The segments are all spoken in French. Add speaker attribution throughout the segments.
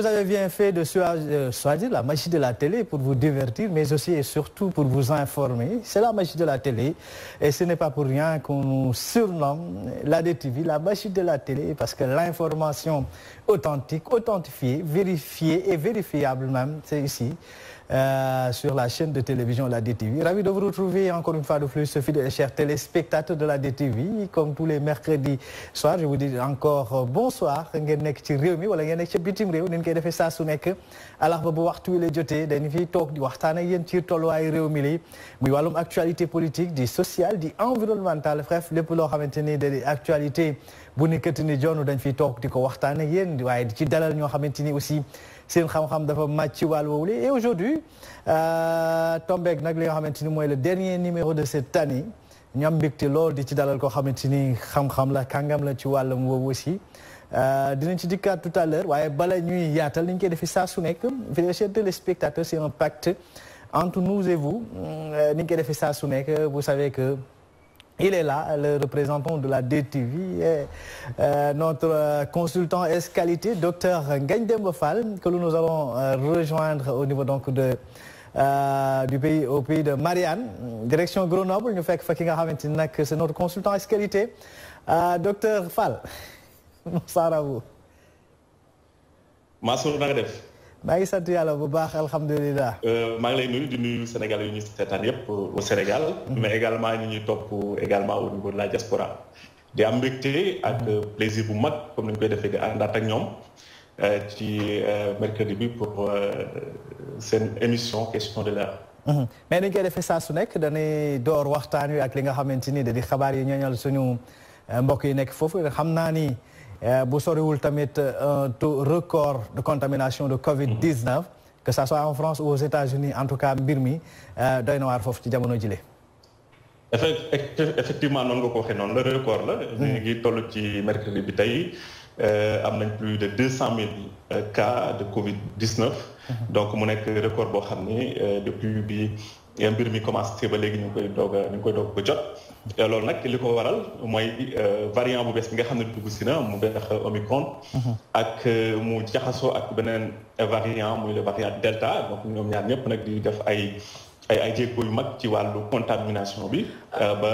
Speaker 1: vous avez bien fait de soit euh, choisir la magie de la télé pour vous divertir, mais aussi et surtout pour vous informer. C'est la magie de la télé. Et ce n'est pas pour rien qu'on nous surnomme la DTV, la magie de la télé, parce que l'information authentique, authentifiée, vérifiée et vérifiable même, c'est ici. Euh, sur la chaîne de télévision La DTV. Ravi de vous retrouver encore une fois de plus, Sophie, chers téléspectateurs de La DTV. Comme tous les mercredis soirs, je vous dis encore euh, bonsoir. actualité politique c'est xam-xam dafa match wal wàll et aujourd'hui euh, Tombeck, nak li nga le dernier numéro de cette année ñom am lool di ci dalal ko xamante xam-xam la kangam la ci wàllam woowu aussi euh, dinañ ci dikkat tout à l'heure waye bala ñuy yaatal ni ñu koy defee saa su nekk chers téléspectateurs c'est un pacte entre nous et vous euh, ni ñu koy defee vous savez que il est là, le représentant de la DTV, et, euh, notre consultant S-Qualité, docteur Fall, que nous allons euh, rejoindre au niveau donc de, euh, du pays, au pays de Marianne, direction Grenoble. Nous faisons que c'est notre consultant S-Qualité. docteur Fall, bonsoir à vous. maa ngi sant yàlla bu baax alhamdulilah.
Speaker 2: Euh, maa ngi lay nuyu di Sénégal yu ñu seetaan yëpp euh, au Sénégal. Mhm. mais également ñu ñuy topp également au niveau de la diaspora. di am mbégte ak mhm. plaisir bu mag comme ni ñu koy defee di àndaat ñoom euh, ci mercredi bi pour seen émission question de
Speaker 1: mhm. mais dañ koy saa su nekk dañuy door waxtaan wi ak li nga xamante ni da di xabaar yi ñooñal suñu mbokk yi nekk foofu xam naa ni. Si vous avez un taux record de contamination de Covid 19. que ce soit en France ou aux États-Unis en tout cas en Birmi, eh, dans na waar effectivement
Speaker 2: non, nga ko Le record là. Mm. ñu le mercredi bi y eh, a plus de 200 000 eh, cas de Covid 19. Mm-hmm. donc mu record boo xam depuis que Birmi commence commencé à se ñu te euh, loolu nag li ko waral mooy euh, variant bu bees bi nga xam ne dugg si na mu beex euh, Omicron. Mhm. ak mu jaxasoo ak beneen variant muy le variant Delta donc ñoom ñaar ñëpp nag di def ay ay ay jéego mag ci wàllu contamination bi ba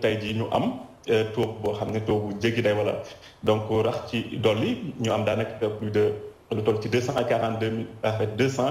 Speaker 2: tey jii ñu am. taux boo xam ne taux bu jéggi day walla donc rax ci dolli ñu am daanaka plus de lu toll ci deux cent quarante deux mille en fait deux cent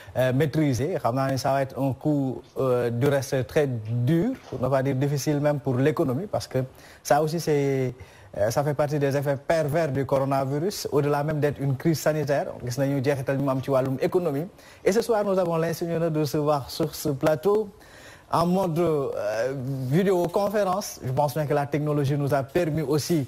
Speaker 1: Euh, maîtriser Ça va être un coup euh, du reste très dur, on va dire difficile même pour l'économie, parce que ça aussi, c'est... Euh, ça fait partie des effets pervers du coronavirus, au-delà même d'être une crise sanitaire. Et ce soir, nous avons l'insigne de voir sur ce plateau en mode euh, vidéoconférence. Je pense bien que la technologie nous a permis aussi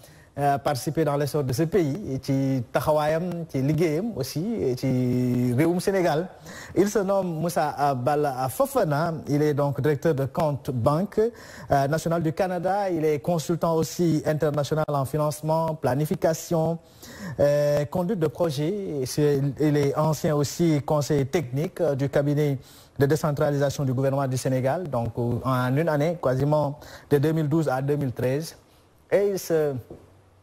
Speaker 1: Euh, participer dans l'essor de ce pays ci aussi Sénégal il se nomme Moussa Abbala Fofana il est donc directeur de compte Banque euh, nationale du Canada il est consultant aussi international en financement planification euh, conduite de projet il est ancien aussi conseiller technique du cabinet de décentralisation du gouvernement du Sénégal donc en une année quasiment de 2012 à 2013 et il se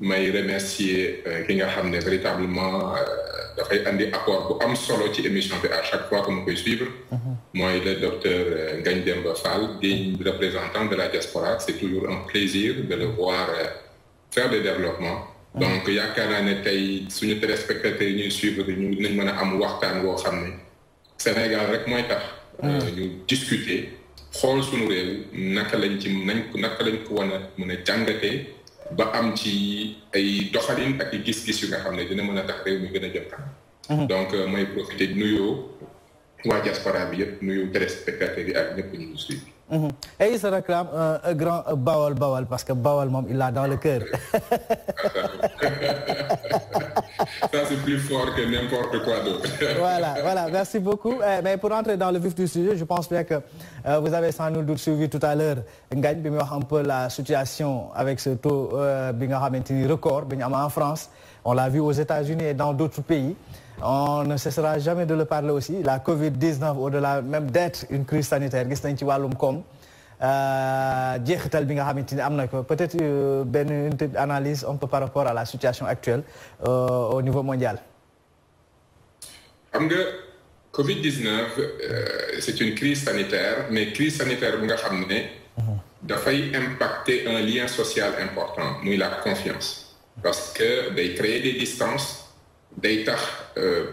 Speaker 3: may remercier euh, ki nga xam ne véritablement euh, dafay andi un bu am solo ci émission bi à chaque fois que ma koy suivre. Mhm. mooy le docteur euh, Ngagne Demba Fall di représentant de la diaspora c'est toujours un plaisir de le voir faire des développements. Mhm. donc yaakaar naa ne tey suñu téléspectateurs yi ñuy suivre ñu nañ mën a am waxtaan woo xam ne Sénégal rek mooy tax. Mhm. ñu discuter xool suñu réew naka lañ ci nañ naka lañ ko wan mën a jàngatee. ba am ci ay doxalin ak i gis-gis yu nga xam ne dina mën a tax réew muy gën a jëm kanam mhm. donc euh, may profité nuyoo waa diaspora bi yëpp nuyu téléspectateurs yi ak ñëpp ñu ngi
Speaker 1: Mhm. Et il se réclame un, grand Bawal Bawal parce que Bawal, il l'a dans le cœur. Ça,
Speaker 3: c'est plus fort que n'importe quoi d'autre. voilà,
Speaker 1: voilà, merci beaucoup. Eh, mais pour entrer dans le vif du sujet, je pense bien que euh, vous avez sans nous doute suivi tout à l'heure un peu la situation avec ce taux euh, record en France. On l'a vu aux États-Unis et dans d'autres pays on ne cessera jamais de le parler aussi la Covid-19 au-delà même d'être une crise sanitaire qui est euh, peut-être une euh, analyse par rapport à la situation actuelle euh, au niveau mondial.
Speaker 3: La Covid-19 c'est une crise sanitaire mais crise sanitaire elle nga failli impacter un lien social important la confiance. parce que a créer des distances day tax euh,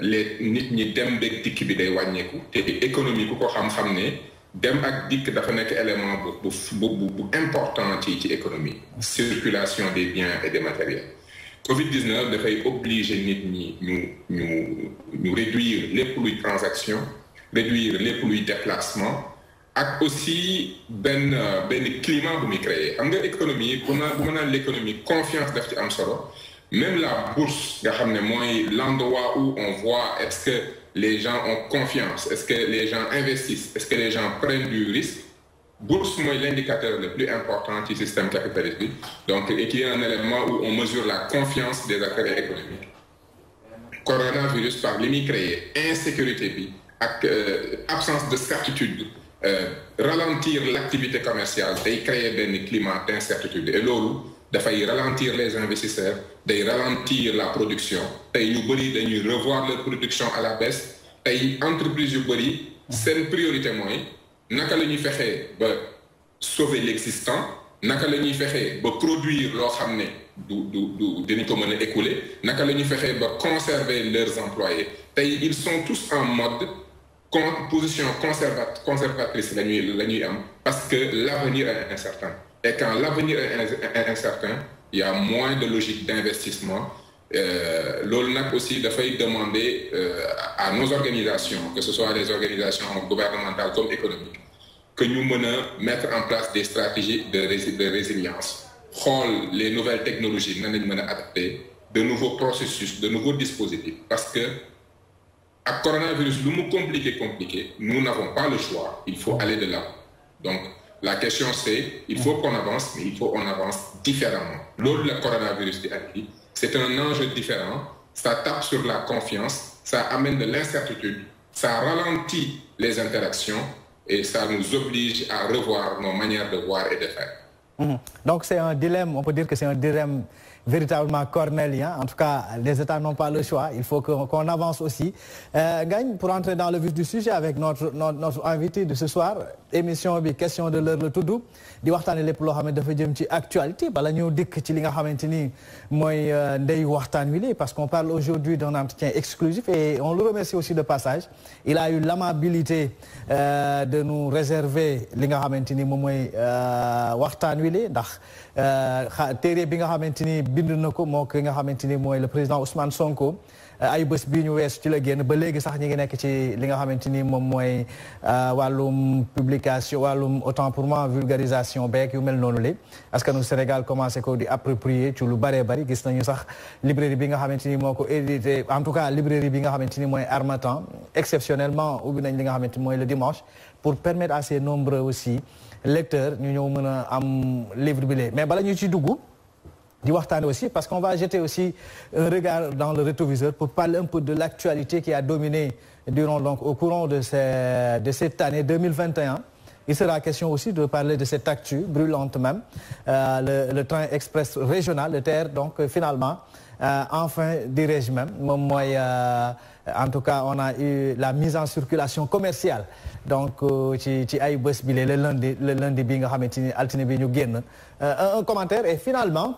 Speaker 3: les nit ñi dem beeg dikk bi day wàññeeku te économie ku ko xam-xam ne dem ak dikk dafa nekk élément bu bu bu important ci ci économie circulation des biens et des matériels covid 19 dafay obliger nit ñi ñu ñu ñu réduire lépp luy transaction réduire lépp luy déplacement ak aussi benn benn climat bu muy créer xam nga économie bu naa bu ma naan l'économie confiance daf ci am solo même la bourse, l'endroit où on voit est-ce que les gens ont confiance, est-ce que les gens investissent, est-ce que les gens prennent du risque. Bourse, moi, l'indicateur le plus important du système capitaliste. Donc, et qui est un élément où on mesure la confiance des acteurs économiques. Coronavirus par limite créé, insécurité, euh, absence de certitude, euh, ralentir l'activité commerciale et créer un climat d'incertitude. Et faut ralentir les investisseurs de ralentir la production revoir leur production à la baisse l'entreprise, entreprise une c'est priorité Nous naka sauver l'existant nous la produire leurs ramener de du du du écouler conserver leurs employés ils sont tous en mode position conservatrice la nuit la parce que l'avenir est incertain et quand l'avenir est incertain, il y a moins de logique d'investissement. Euh, aussi il failli demander euh, à nos organisations, que ce soit des organisations gouvernementales comme économiques, que nous menons mettre en place des stratégies de, résilience, prendre les nouvelles technologies, nous adapter, de nouveaux processus, de nouveaux dispositifs. Parce que, à coronavirus, mot compliqué, compliqué, nous n'avons pas le choix, il faut aller de là. Donc, la question c'est, il faut qu'on avance, mais il faut qu'on avance différemment. L'autre, le coronavirus c'est un enjeu différent, ça tape sur la confiance, ça amène de l'incertitude, ça ralentit les interactions et ça nous oblige à revoir nos manières de voir et de faire.
Speaker 1: Mmh. Donc c'est un dilemme, on peut dire que c'est un dilemme véritablement cornélien. En tout cas, les États n'ont pas le choix. Il faut qu'on avance aussi. Euh, Gagne, pour entrer dans le vif du sujet avec notre, invité de ce soir, émission question de l'heure le tout di actualité parce qu'on parle aujourd'hui d'un entretien exclusif et on le remercie aussi de passage il a eu l'amabilité euh, de nous réserver li nga euh, wi ndax bind na ko ki nga xamanteni moy le président Ousmane Sonko euh, ay bés bi ñu wess ci la génn ba légui sax ñi ngi nekk ci li nga xamanteni mom moy euh, walum publication walum autant pour moi vulgarisation beeg yu mel noonu que nous Sénégal commencé ko di approprier ci lu bare bëri gis nañu sax librairie bi nga xamanteni moko moo en tout cas librairie bi nga xamanteni moy mooy exceptionnellement ubbi nañ li nga xamanteni moy le dimanche pour permettre à ces nombreux aussi lecteurs ñu ñëw mëna am livre bi lé mais bala ñu ci dugg du aussi parce qu'on va jeter aussi un regard dans le rétroviseur pour parler un peu de l'actualité qui a dominé durant donc au courant de, cette année 2021. Il sera question aussi de parler de cette actu brûlante même, euh, le, train express régional, le TER, donc finalement, euh, enfin, dirais-je même, euh, en tout cas, on a eu la mise en circulation commerciale. Donc, ci le lundi le lundi un commentaire et finalement.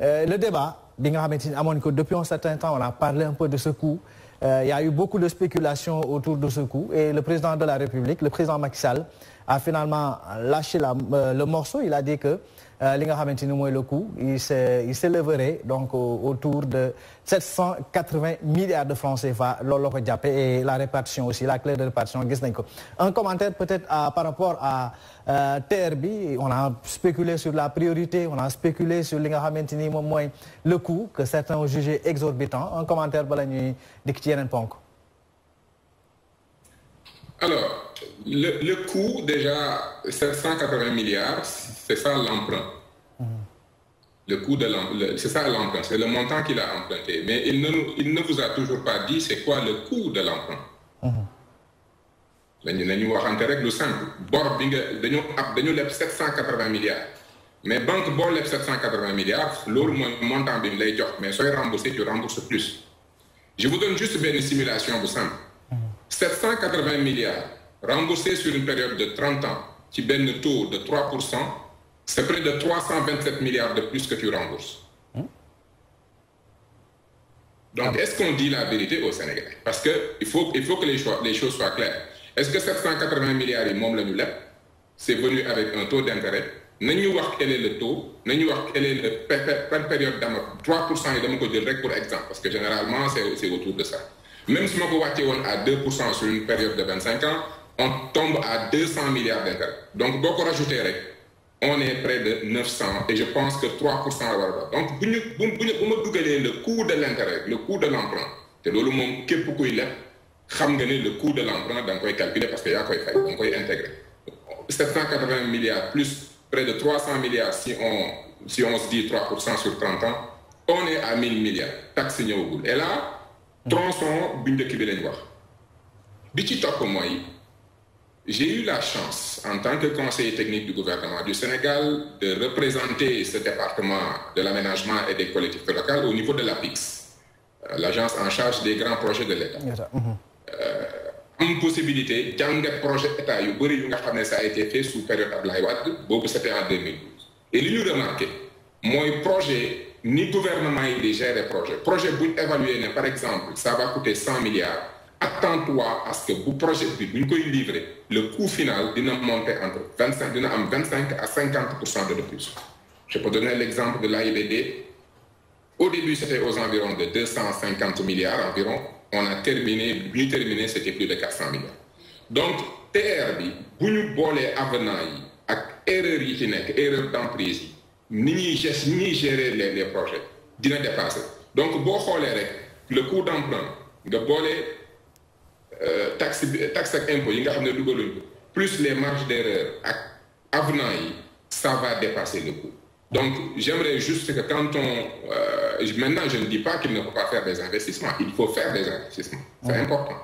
Speaker 1: Euh, le débat, depuis un certain temps, on a parlé un peu de ce coup. il euh, y a eu beaucoup de spéculations autour de ce coup. Et le président de la République, le président Macky Sall, a finalement lâché euh, le morceau. Il a dit que euh, li nga le coût il s'élèverait donc autour de 780 milliards de francs CFA et la répartition aussi la clé de répartition un commentaire peut-être par rapport à euh, TRB. on a spéculé sur la priorité on a spéculé sur li nga le coût que certains ont jugé exorbitant un commentaire pour la nuit ci yenen ponk
Speaker 3: alors le, le coût déjà 780 milliards c'est ça l'emprunt. Le coût de l'emprunt, c'est ça l'emprunt, c'est le montant qu'il a emprunté. Mais il ne, il ne vous a toujours pas dit c'est quoi le coût de l'emprunt. Nous, nous waxante rek simple bor avons 780 milliards mais banque bor 780 milliards loolu montant d'une mu mais soyez remboursé tu rembourses plus je vous donne juste une simulation vous simple 780 milliards remboursés sur une période de 30 ans ci le taux de 3 c'est près de 327 milliards de plus que tu rembourses. Hein? Donc, ah est-ce qu'on dit la vérité au Sénégalais Parce qu'il faut, il faut que les, choses soient claires. Est-ce que 780 milliards, c'est venu avec un taux d'intérêt nañu wax quel est le taux nañu wax quel est le période d'amortissement. 3 et de mon pour exemple parce que généralement c'est autour de ça même si on ko à 2 sur une période de 25 ans on tombe à 200 milliards d'intérêts. donc beaucoup rajouter on est près de 900 et je pense que 3% la donc vous vous bu bu le coût de l'intérêt le coût de l'emprunt Et le monde képp kuy beaucoup xam le coût de l'emprunt donc on koy calculer parce qu'il yaa koy fay 780 milliards plus près de 300 milliards si on si on se dit 3% sur 30 ans on est à 1000 milliards taxe boulot. et là 300 bu de bi noir. wax bi ci j'ai eu la chance, en tant que conseiller technique du gouvernement du Sénégal, de représenter ce département de l'aménagement et des collectivités locales au niveau de l'APIX, euh, l'agence en charge des grands projets de l'État.
Speaker 1: Mm-hmm. Euh,
Speaker 3: une possibilité un projet d'État ça a été fait sous période de Wade beaucoup c'était en 2012 et lui nous remarqué Mon projet ni gouvernement il gère les projets. projet évalués, évalué par exemple ça va coûter 100 milliards attends-toi à ce que vous projet bi buñ le coût final d'une monter entre 25 à 50 de plus je peux donner l'exemple de l'AIBD au début c'était aux environs de 250 milliards environ on a terminé terminé c'était plus de 400 milliards donc TRD, vous nous bolé avenant avec erreur erreur d'emprise ni ni gérer les les projets dina dépasser donc bo xolé le coût d'emprunt de bolé. Euh, taxe taxe impôt plus les marges d'erreur ak avenant ça va dépasser le coût donc j'aimerais juste que quand on euh, maintenant je ne dis pas qu'il ne faut pas faire des investissements il faut faire des investissements c'est important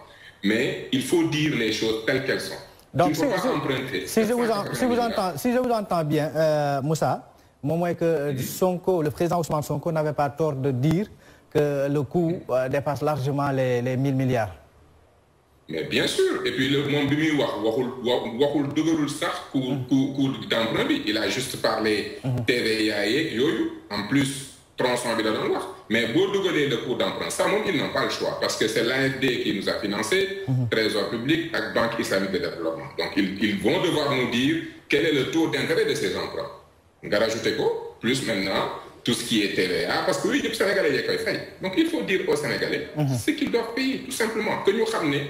Speaker 3: mais il faut dire les choses telles qu'elles sont donc si, je,
Speaker 1: vous entends, bien euh, Moussa moi, mm-hmm. le président Ousmane Sonko n'avait pas tort de dire que le coût dépasse largement les, les 1000 milliards
Speaker 3: mais bien sûr et puis le monde bi muy wax waxul mm. d'emprunt il a juste parlé mm. TVA et Yoyou. en plus 300 bi la mais pour dougoulé le cours d'emprunt ça ils n'ont pas le choix parce que c'est l'AFD qui nous a financé mm -hmm. trésor public avec banque islamique de développement donc ils vont devoir nous dire quel est le taux d'intérêt de ces emprunts va rajouter quoi plus maintenant tout ce qui est TVA parce que oui, yëpp sénégalais donc il faut dire aux sénégalais -hmm. ce qu'ils doivent payer tout simplement que nous ramener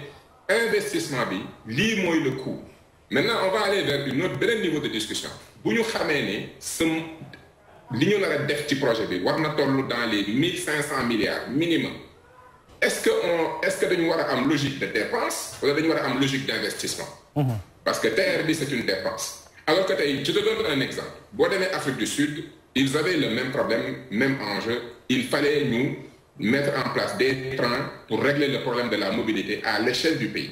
Speaker 3: investissement bi li le coût maintenant on va aller vers une autre niveau de discussion Pour nous né ce li ñu def ci projet bi dans les 1500 milliards minimum est-ce que on est-ce que logique de dépense wala dañu wara logique d'investissement mhm. parce que Terre bi c'est une dépense alors que je te donne un exemple L'Afrique Afrique du Sud ils avaient le même problème même enjeu il fallait nous mettre en place des trains pour régler le problème de la mobilité à l'échelle du pays.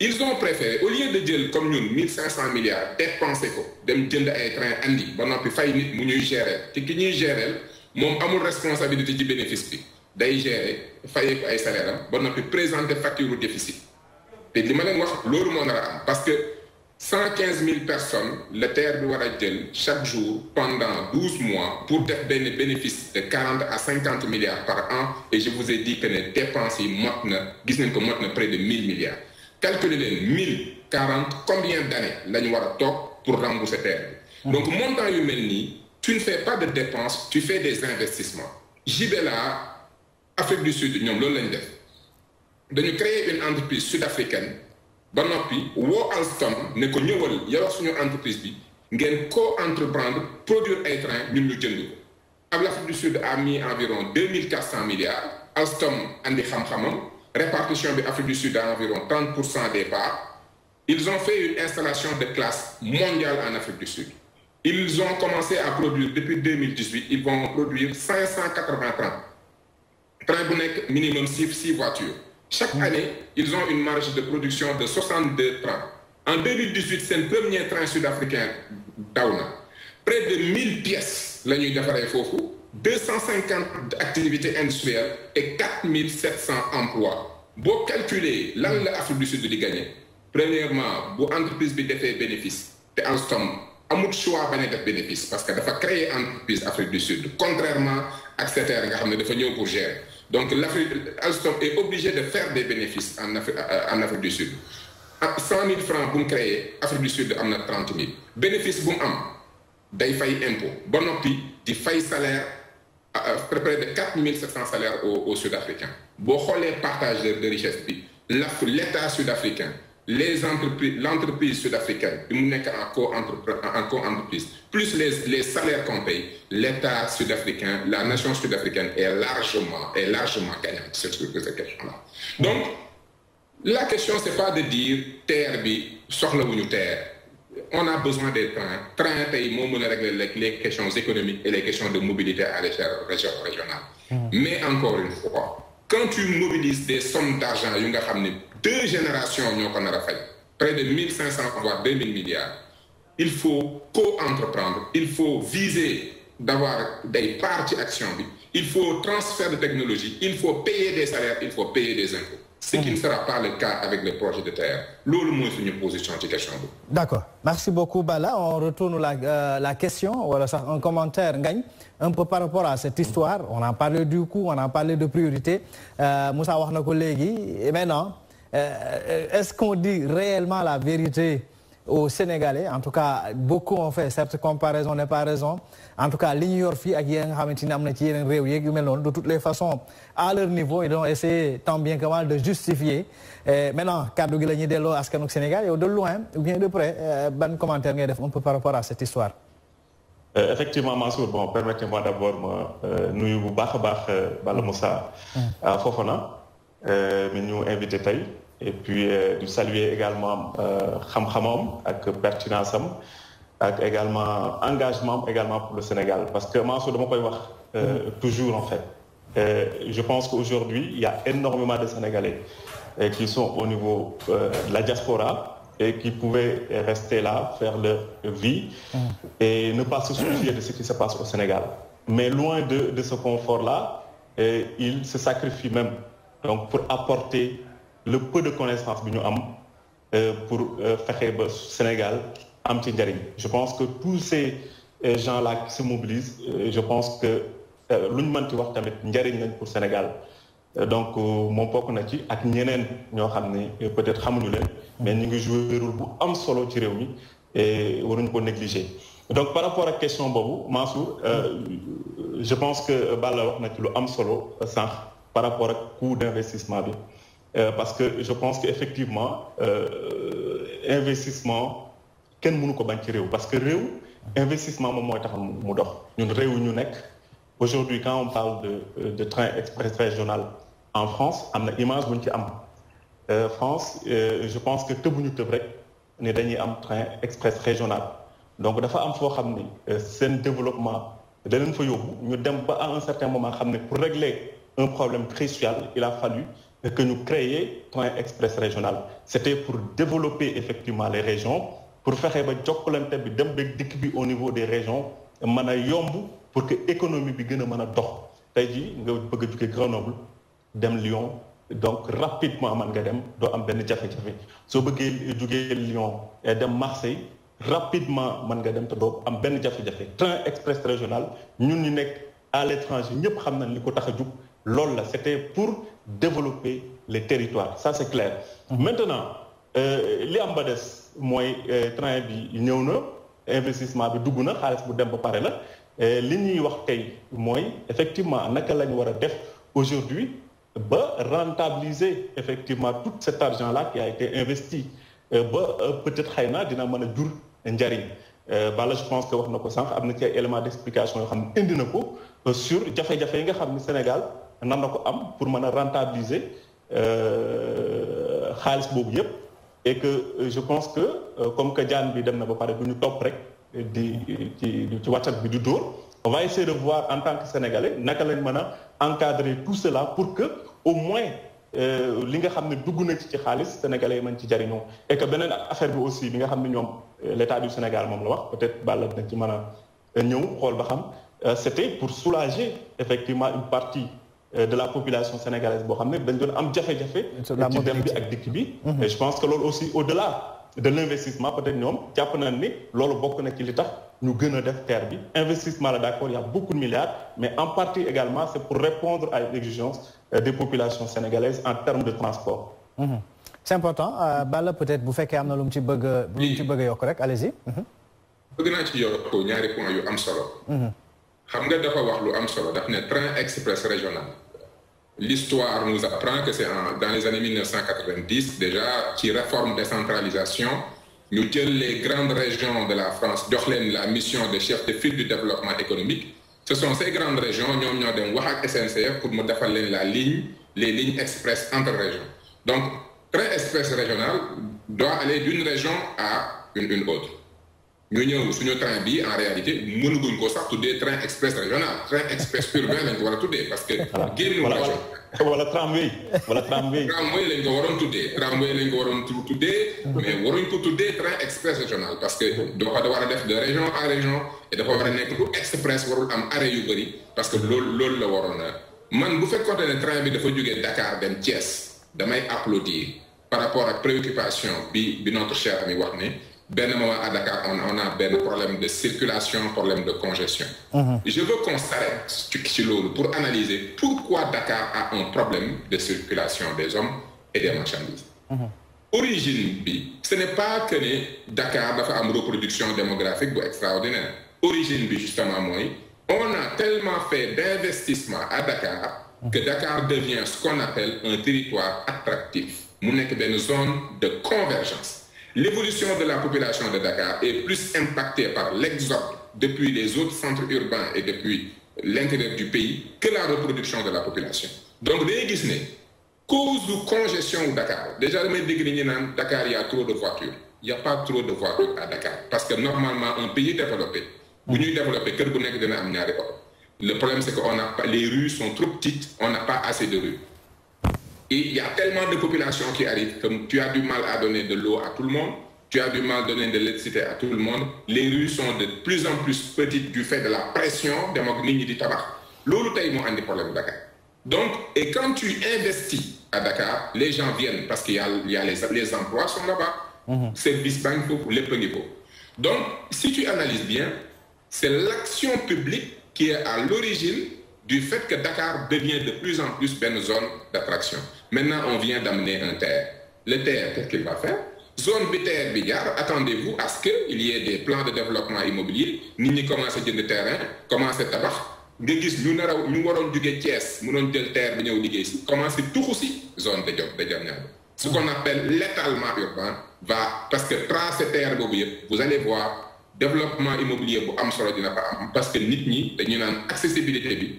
Speaker 3: Ils ont préféré, au lieu de dire comme nous, 1500 milliards dépenser quoi, dem jënd ay train andi ba noppi fay nit mu ñuy gérer te ki ñuy gérer moom amul responsabilité ci bénéfice bi day gérer fayee ko ay salaire am ba présenter facture déficit te li ma leen wax loolu moo parce que. 115 000 personnes la terre de Waradjel, chaque jour pendant 12 mois pour des bénéfices de 40 à 50 milliards par an et je vous ai dit que les dépenses sont montent ko près de 1000 milliards combien d'années la pour rembourser terre mm. donc montant humain tu ne fais pas de dépenses tu fais des investissements là, Afrique du Sud nous avons lañ Nous créer une entreprise sud-africaine ba noppi woo Alstom ne ko ñëwal la suñu entreprise bi ngeen co-entreprendre produire ay train ñun ñu l'Afrique du Sud a mis environ 2400 milliards Alstom andi xam-xamam répartition de Afrique du Sud a environ 30% des parts ils ont fait une installation de classe mondiale en Afrique du Sud ils ont commencé à produire depuis 2018. ils vont produire 580 trains train bu minimum 6 voitures chaque année, ils ont une marge de production de 62 trains. En 2018, c'est le premier train sud-africain, Dauna. Près de 1000 pièces, l'année d'appareil 250 activités industrielles et 4700 emplois. Pour calculer l'angle Afrique du Sud de gagné premièrement bu entreprise bi et bénéfice en somme amut choix de Bénéfices parce que dafa créer entreprise Afrique du Sud contrairement à ce nga a fait pour donc Alstom est obligé de faire des bénéfices en euh, Afrique, du Sud. 100 ah, 000 francs pour créer Afrique du Sud en 30 000 bénéfices pour faut am day fay impôt Il appui salaire à ah, euh, près de 4 700 salaires aux, Sud-Africains Si les partage de richesses. l'État sud-africain les entreprises, l'entreprise sud-africaine, entreprise plus les, les salaires qu'on paye, l'État sud-africain, la nation sud-africaine est largement, est largement gagnante sur ces questions là Donc, la question, c'est pas de dire terre, bi, sort le terre. On a besoin des trains. Trains, ils régler les questions économiques et les questions de mobilité à l'échelle régionale. Mmh. Mais encore une fois, quand tu mobilises des sommes d'argent, deux générations nous, près de 1500 voire 2000 milliards il faut co-entreprendre il faut viser d'avoir des parties actions, il faut transfert de technologie il faut payer des salaires il faut payer des impôts ce qui ne sera pas le cas avec le projet de terre. c'est une position de question
Speaker 1: D'accord. Merci beaucoup Bala. On retourne la, euh, question, un commentaire, Ngagne, un peu par rapport à cette histoire. On a parlé du coup. on a parlé de priorité. Nous euh, Moussa nos collègues. Et maintenant, euh, est-ce qu'on dit réellement la vérité aux Sénégalais en tout cas beaucoup ont fait cette comparaison n'est pas raison en tout cas les ñu yor de toutes les façons à leur niveau ils ont essayé tant bien que mal de justifier euh, maintenant Kadou gi la que au Sénégal Et de loin ou bien de près euh, commentaire un peu par rapport à cette histoire.
Speaker 2: effectivement Mansour bon permettez-moi d'abord nous nuyu bu hum. à a et puis euh, de saluer également kham euh, Khamom avec pertinence avec également engagement également pour le Sénégal parce que Mansour pas y pas toujours en fait euh, je pense qu'aujourd'hui il y a énormément de Sénégalais qui sont au niveau de la diaspora et qui pouvaient rester là, faire leur vie mm-hmm. et ne pas se soucier de ce qui se passe au Sénégal. Mais loin de, ce confort-là, ils se sacrifient même donc, pour apporter le peu de connaissances que nous avons pour euh, faire le Sénégal un petit Je pense que tous ces euh, gens-là qui se mobilisent, euh, je pense que mettre qui va pour le Sénégal. donc mon peuple, na ci ak ñeneen peut-être xamuñu mais nous jouons le rôle bu am solo ci réew mi et peut négliger donc par rapport à la question de Mansour je pense que nous wax na ci lu solo par rapport au coût d'investissement euh, parce que je pense qu'effectivement, euh, investissement, qu'est-ce que nous ci parce que Réou, investissement moment mooy taxal mu dox ñun réew aujourd'hui quand on parle de euh, de train express régional en France am image euh, France je pense que tout le monde ne dañuy un train express régional donc il faut que nous c'est un développement Il leen fa yóbbu ñu à un certain moment pour régler un problème crucial il a fallu et que nous créions un Express régional. C'était pour développer effectivement les régions, pour faire au niveau des régions, pour que l'économie à dire nga bëgg a jóge Grenoble dem Lyon donc rapidement man nga dem doo am benn jafé jafe du bëggee lion Lyon dem Marseille rapidement man nga dem te fait. am train express régional nous, n'y nekk à l'étranger nous xam nañ côté du tax c'était pour développer les territoires ça c'est clair mhm. maintenant euh, les am ba des euh, train bi ñëw na investissement bi dugg na xaalis bu dem ba paré la euh, li ñuy wax moy effectivement naka lañ wara def aujourd'hui ba rentabiliser effectivement tout cet argent là qui a été investi ba peut-être rien à dina mën a jur njariñ bala je pense que wax na ko sànq ci élément éléments d'explication yo xam ne indi nako sur jafé jafé yi nga xam Sénégal nan la ko am pour mën a rentabiliser euh, xaalis boobu yëpp et que euh, je pense que euh, comme que jaan bi dem na ba pare du ñu topp rek di ci ci WhatsApp bi du door on va essayer de voir en tant que sénégalais naka lañ mën a encadrer tout cela pour que au moins li nga xam ne dugg na ci ci xaalis sénégalais yi mën ci jariñoo et que beneen affaire bi aussi bi nga xam ne ñoom l'état du Sénégal moom la wax peut-être bàlla na ci mën a ñëw xool ba xam c'était pour soulager effectivement une partie euh, de la population sénégalaise bo xamné dañ doon am jafé jafé ci dem bi ak dikk bi mhm. et je pense que loolu aussi au-delà de l'investissement peut-être ñom japp nañ ni loolu bokk na ci li tax ñu gëna def terre bi investissement la d'accord il y a beaucoup de milliards mais en partie également c'est pour répondre à l'exigence euh, des populations sénégalaises en termes de transport
Speaker 1: mhm. c'est important euh, bala peut-être bu féké am na lu ci bëgg lu ci bëgg yok rek allez-y mhm.
Speaker 3: bëgg na ci yok ñaari point yu am solo xam nga dafa wax lu am solo daf ne train express régional L'histoire nous apprend que c'est dans les années 1990 déjà, qui réforme décentralisation, nous tire les grandes régions de la France, d'Orléans la mission de chef de file du développement économique. Ce sont ces grandes régions, nous avons SNCF pour nous la ligne, les lignes express entre régions. Donc, très express régional doit aller d'une région à une autre ñu ñëw suñu train bi en réalité mënaguñ ko sax tuddee train express régional train express urbain lañ ko war a tuddee parce que génn wala
Speaker 2: wala tramway wala tramway
Speaker 3: tramway lañ ko waroon tuddee tramway lañ ko waroon tuddee mais waruñ ko tuddee train express régional parce que doo ko war a def de région à région et dafa war a nekk lu express warul am arrêt yu bëri parce que loolu loolu la waroon a man bu fekkoon ne train bi dafa jógee Dakar dem Thiès damay applaudir par rapport ak préoccupation bi bi notre cher ami wax ne ben à Dakar, on, a ben problème de circulation, problème de congestion. Mhm. Je veux qu'on s'arrête sur pour analyser pourquoi Dakar a un problème de circulation des hommes et des marchandises. Mhm. Origine B, ce n'est pas que Dakar a une reproduction démographique extraordinaire. Origine B justement, on a tellement fait d'investissements à Dakar mhm. que Dakar devient ce qu'on appelle un territoire attractif. Nous sommes une zone de convergence. L'évolution de la population de Dakar est plus impactée par l'exode depuis les autres centres urbains et depuis l'intérieur du pays que la reproduction de la population. Donc, les guisnets, cause de congestion au Dakar. Déjà, le Dakar, il y a trop de voitures. Il n'y a pas trop de voitures à Dakar. Parce que normalement, un pays développé, vous développé, le problème, c'est que les rues sont trop petites, on n'a pas assez de rues il y a tellement de populations qui arrivent comme tu as du mal à donner de l'eau à tout le monde, tu as du mal à donner de l'électricité à tout le monde. Les rues sont de plus en plus petites du fait de la pression des magouilles du tabac. L'eau, taille un des problèmes Dakar. Donc, et quand tu investis à Dakar, les gens viennent parce qu'il y a, les, emplois sont là-bas. C'est mhm. Service pour les pots. Donc, si tu analyses bien, c'est l'action publique qui est à l'origine du fait que Dakar devient de plus en plus une zone d'attraction. Maintenant, on vient d'amener un terre. Le terre, qu'est-ce qu'il va faire Zone BTR Bigard, attendez-vous à ce qu'il y ait des plans de développement immobilier. Nous, nous commençons à des terrains, commencer à tabac. Nous avons nous avons du Thiès, nous avons du terre, nous avons du Commencez tout aussi, zone de dernière. Ce qu'on appelle l'étalement urbain va, parce que trace terre, vous allez voir développement immobilier pour am parce que nous, nous dañu une accessibilité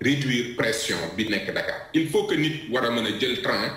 Speaker 3: réduire pression bi nek Dakar il faut que nit wara a jël train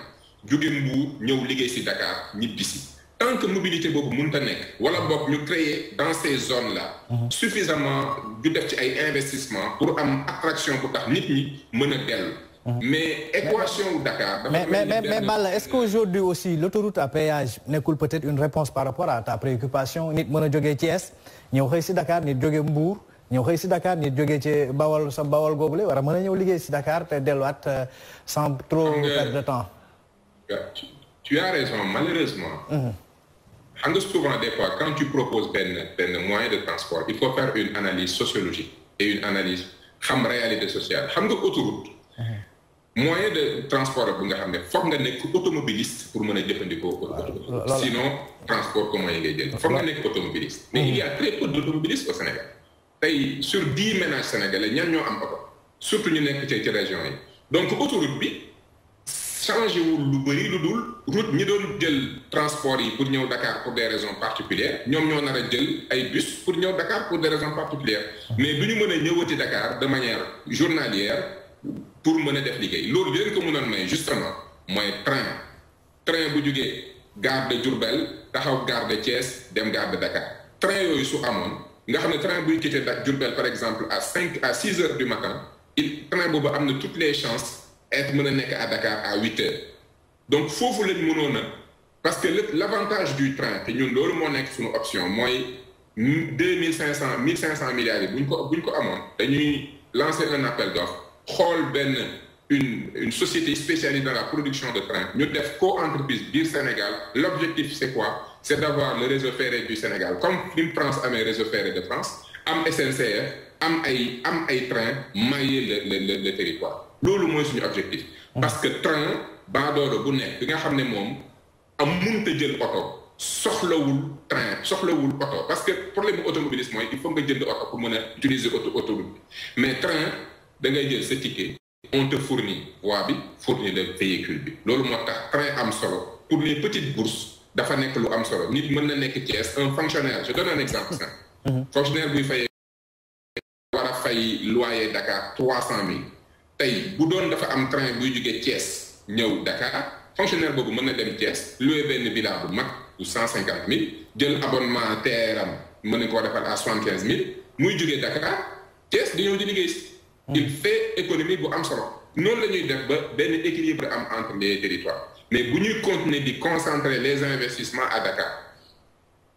Speaker 3: jóge Mbour ñëw liggéey ci Dakar nit bisi tant que mobilité boobu ta nek wala bok ñu créer dans ces zones là mhm. suffisamment du def ci ay investissement pour am attraction pour tax nit ñi meuna mhm. mais équation Dakar mais mais mais
Speaker 1: est-ce qu'aujourd'hui aussi l'autoroute à péage n'est peut-être une réponse par rapport à ta préoccupation nit meuna a jógee Thiès ñëw xëy ci Dakar nit jógee Mbour ñëw xëy ci Dakar ni jógee ci bawol sa bawol googule wara mëna ñeu liggéey Dakar té delluwaat euh, sans trop perdre de temps. tu
Speaker 3: as raison malheureusement. Mhm. xam nga souvent des fois quand tu proposes ben ben moyen de transport il faut faire une analyse sociologique et une analyse xam réalité sociale xam nga autoroute. Mhm. moyen de transport bu nga xam ne foog nga nekk automobiliste pour mën a jëfandikoo sinon transport commun yi ngay jël foog nga nekk automobiliste mais mhm. il y a très peu d'automobilistes au Sénégal tey sur 10 ménages sénégalais ñan ñoo am auto surtout ñu nekk ci région yi donc autoroute bi changé wul lu bari lu dul route ñi doon jël transport yi pour ñëw Dakar pour des raisons particulières ñom ñoo nar jël ay bus pour ñëw Dakar pour des raisons particulières mais du mëna mën a Dakar de manière journalière pour mëna def liggéey loolu leen ko mënoon may justement mooy train train bu jugé gare de djourbel taxaw gare de Thiès dem gare de Dakar train yooyu su amoon nga avons un train qui est à par exemple à 6 à 6 heures du matin il train toutes les chances d'être à Dakar à 8h. donc faut voler nous parce que l'avantage du train c'est que nous avons une option mooy deux mille milliards nous avons lancé un appel d'offres Colben, une une société spécialisée dans la production de train avons une co-entreprise du Sénégal L'objectif, c'est quoi c'est d'avoir le réseau ferré du Sénégal comme ni France le un réseau ferré de France am SNCF am ay am ay train mailler le le le territoire C'est mooy objectif. parce que train trains, bu nekk bi nga xam ne moom am mënta jël Sauf le train le auto. parce que problème de l'automobilisme, il faut nga jënd oto pour utiliser auto autoroute mais train da ngay jël ticket on te fournit voie bi fournit le véhicule bi loolu moo train am solo pour les petites bourses dafa lu am solo nit na un fonctionnaire je donne un exemple simple. Mhm. fonctionnaire buy a loyer Dakar trois cent mille tey bu doon dafa am train buy Thiès Dakar fonctionnaire boobu mën na dem Thiès loué benn bu cent cinquante abonnement defal à soixante quinze mille muy de Dakar Thiès di di mhm. il fait économie bu am solo noonu la def ba équilibre am entre les territoires. Mais si nous continuons de concentrer les investissements à Dakar,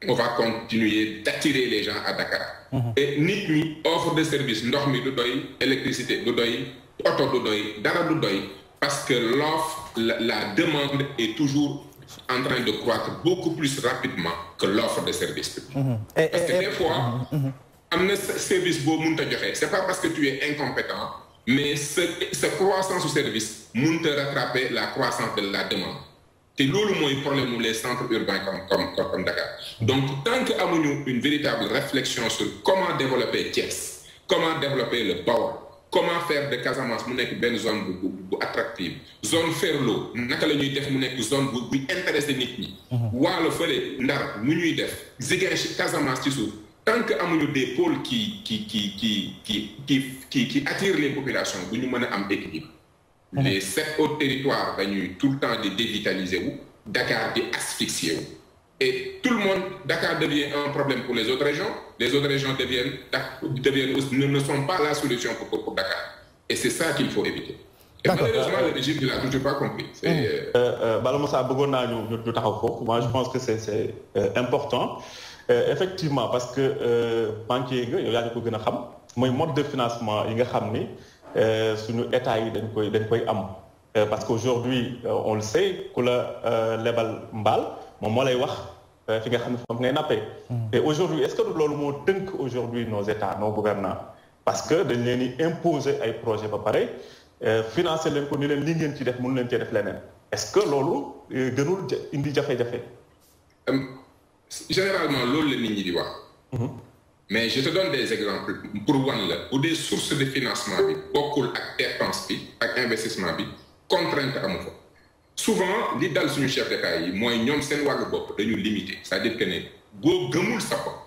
Speaker 3: on va continuer d'attirer les gens à Dakar. Mhm. Et nous, ñi offre de services, ndox mi électricité parce que l'offre la, demande est toujours en train de croître beaucoup plus rapidement que l'offre de services mhm. Parce que des fois,
Speaker 1: un
Speaker 3: mhm. ce service ce c'est pas parce que tu es incompétent mais cette croissance du service nous rattraper la croissance de la demande C'est que mooy problème pour les centres urbains comme comme Dakar donc tant y a une véritable réflexion sur comment développer Thiès comment développer le power, comment faire de Casamance une des zone bu bu attractive zone Ferlo une ñuy def mu zone bu intéressé nit ñi. Mhm. waalo fële Ndar mu Casamance tant que a des pôles qui qui qui qui qui attirent les populations vous nous am équilibre. Mmh. les sept autres territoires dañuy tout le temps de dévitaliser Dakar est asphyxier et tout le monde Dakar devient un problème pour les autres régions les autres régions deviennent deviennent ne sont pas la solution pour Dakar et c'est ça qu'il faut éviter.
Speaker 2: Malheureusement, le régime ne l'a toujours pas compris. Mmh. Euh, euh, euh, moi je pense que c'est important. Euh, effectivement parce que euh, banquier nga yow yaa ko gën a xam mooy mode de financement yi nga xam ni euh, suñu état yi dañ koy dañ koy am parce que aujourd'hui on le sait ku la lebal mbaal moom moo lay wax fi nga xam ne foofu ngay nappee hmm. aujourd'hui est-ce que loolu moo tënk aujourd'hui nos états nos gouvernants parce que dañ leen di imposer ay projet ba pare financer leen ko ni leen li ngeen ci def mënu leen cee def leneen est-ce que loolu gënul indi jafe-jafe
Speaker 3: généralement l'OL la nit ñi di wax. Mhm. mais je te donne des exemples pour wan la des sources de financement bi bokkul ak dépense bi ak investissement bi contrainte amu fa souvent li dal suñu chef d'état yi mooy ñoom seen wàllu bopp dañu limiter. c'est-à-dire que ne boo gëmul sa pas,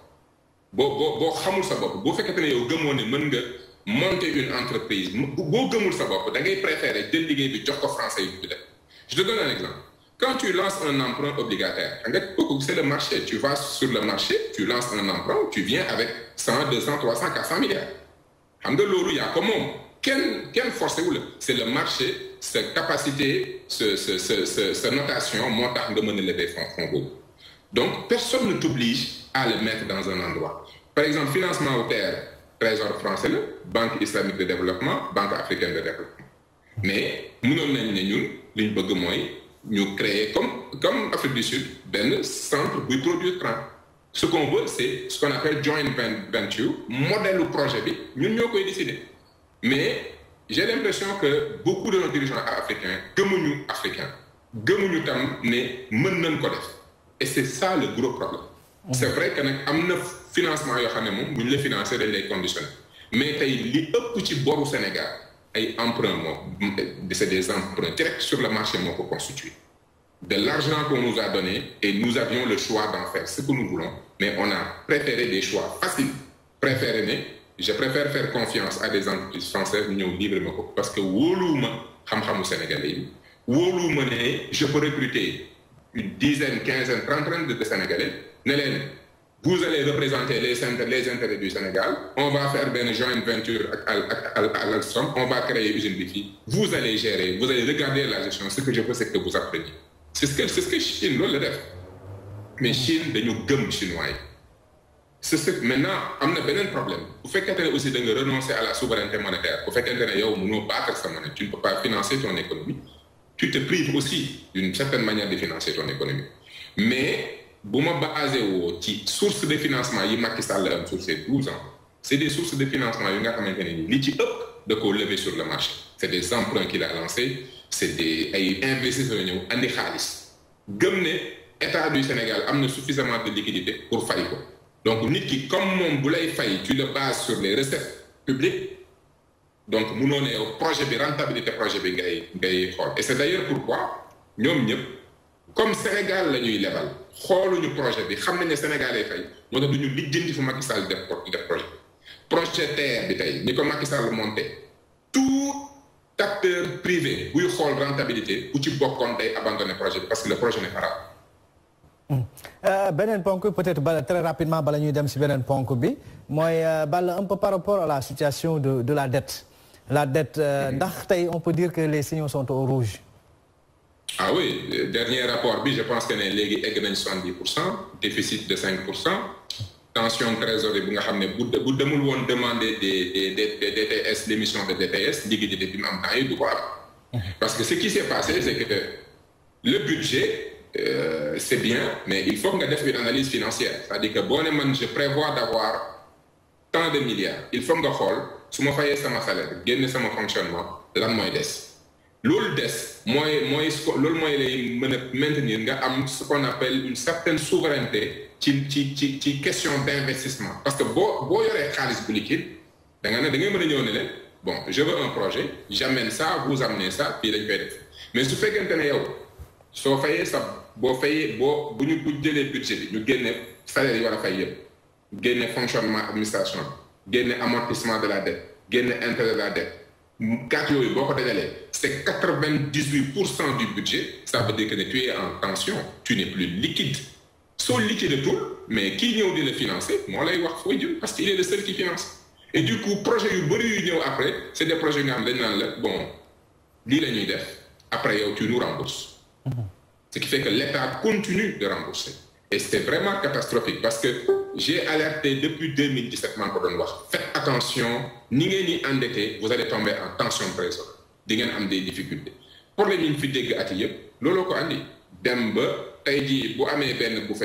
Speaker 3: bo bo boo xamul sa bopp bo fekkee ne yow gëmoo ne mën nga monter une entreprise bo gëmul sa bopp da ngay préférer jël liggéey bi jox ko français yi du def je te donne un exemple. Quand tu lances un emprunt obligataire, c'est le marché. Tu vas sur le marché, tu lances un emprunt, tu viens avec 100, 200, 300, 400 milliards. comment quel, quel force C'est le marché, cette capacité, cette notation, montant de monnaie les fonds Donc, personne ne t'oblige à le mettre dans un endroit. Par exemple, financement au terre, Trésor français, Banque islamique de développement, Banque africaine de développement. Mais, nous, nous, nous, nous, nous, nous créer comme comme Afrique du Sud un centre pour produire train. ce qu'on veut c'est ce qu'on appelle joint venture modèle projet nous ñun décider mais j'ai l'impression que beaucoup de nos dirigeants africains nous, africains, comme tam nous, mais nañ ko et c'est ça le gros problème mmh. c'est vrai que y a financement à est ne moom mais financer dañ les un mais tey li Sénégal et emprunt de c'est des emprunts directs sur le marché constitué de l'argent qu'on nous a donné et nous avions le choix d'en faire ce que nous voulons mais on a préféré des choix faciles préféré je préfère faire confiance à des entreprises françaises libre parce que où sénégalais je peux recruter une dizaine quinzaine trentaine de sénégalais vous allez représenter les intérêts, du Sénégal, on va faire des joint venture à l'Alstom, on va créer une BIFI, vous allez gérer, vous allez regarder la gestion, ce que je veux, c'est que vous appreniez. C'est ce que, c'est que Chine, le rêve. Mais Chine, de nous gomme chinois. C'est ce que maintenant, on a un problème. Vous faites a aussi de renoncer à la souveraineté monétaire. Vous faites nous ne battre sa monnaie. Tu ne peux pas financer ton économie. Tu te prives aussi d'une certaine manière de financer ton économie. Mais si basé des sources source de financement yi Macky Sall sur ces 12 ans c'est des sources de financement qui ont été ne lever sur le marché c'est des emprunts qu'il a lancés c'est des investissements qui ont été xaalis du Sénégal a suffisamment de liquidités pour faire donc nit comme mon bu lay tu le bases sur les recettes publiques donc nous sommes au projet de rentabilité projet de ngay et c'est d'ailleurs pourquoi nous, comme Sénégal la est xooluñu projet bi xam nañ ne fay moo tax du lijjanti fu Macky def def projet projet TER bi tey ni ko Macky monté tout acteur privé buy xool rentabilité ku ci bokkoon day abandonné projet parce que le projet n'est pas rentable
Speaker 1: hmm. euh, Benen ponk peut-être bala très rapidement bala ñuy dem si beneen ponk bi mooy euh, bala un peu par rapport à la situation de de la dette la dette euh, mm-hmm. ndax tey on peut dire que les signaux sont au rouge
Speaker 3: ah oui euh, dernier rapport je pense qu'il y a egg 70%, déficit de 5%, tension trésorerie bu nga xam ne bu demander des DTS l'émission de DTS liquidité bi mu am temps mhm. parce que ce qui s'est passé c'est que le budget euh, c'est bien mais il faut que nga une analyse financière c'est-à-dire que bon je prévois d'avoir tant de milliards il faut nga je ça, ma sama salaire mon sama fonctionnement lan mooy loolu dess moy moy loolu moy lay meuna maintenir nga am ce qu'on appelle une certaine souveraineté ci ci ci ci question d'investissement parce que si vous avez xaalis bu liquide da nga da ngay ñëw bon je veux un projet j'amène ça vous amenez ça puis dañ koy def mais su fekkente ne yow so vous sa bo fayé bo buñu bu jëlee budget bi ñu salaire yi war fay yëpp génné fonctionnement administration génné amortissement de la dette génné intérêt de la dette quatre euros du budget ça veut dire que tu es en tension tu n'es plus liquide Sauf liquide tout mais qui ñëw de le financer Moi, lay wax fooy parce qu'il est le seul qui finance et du coup projet yu bëri yu après c'est des projets qui bon la après tu nous rembourses mhm. ce qui fait que l'État continue de rembourser et c'est vraiment catastrophique parce que j'ai alerté depuis 2017 man ko faites attention ni endetté vous allez tomber en tension de trésor di ngeen des difficultés Pour les mines fi dégg at yépp lolo ko andi dem ba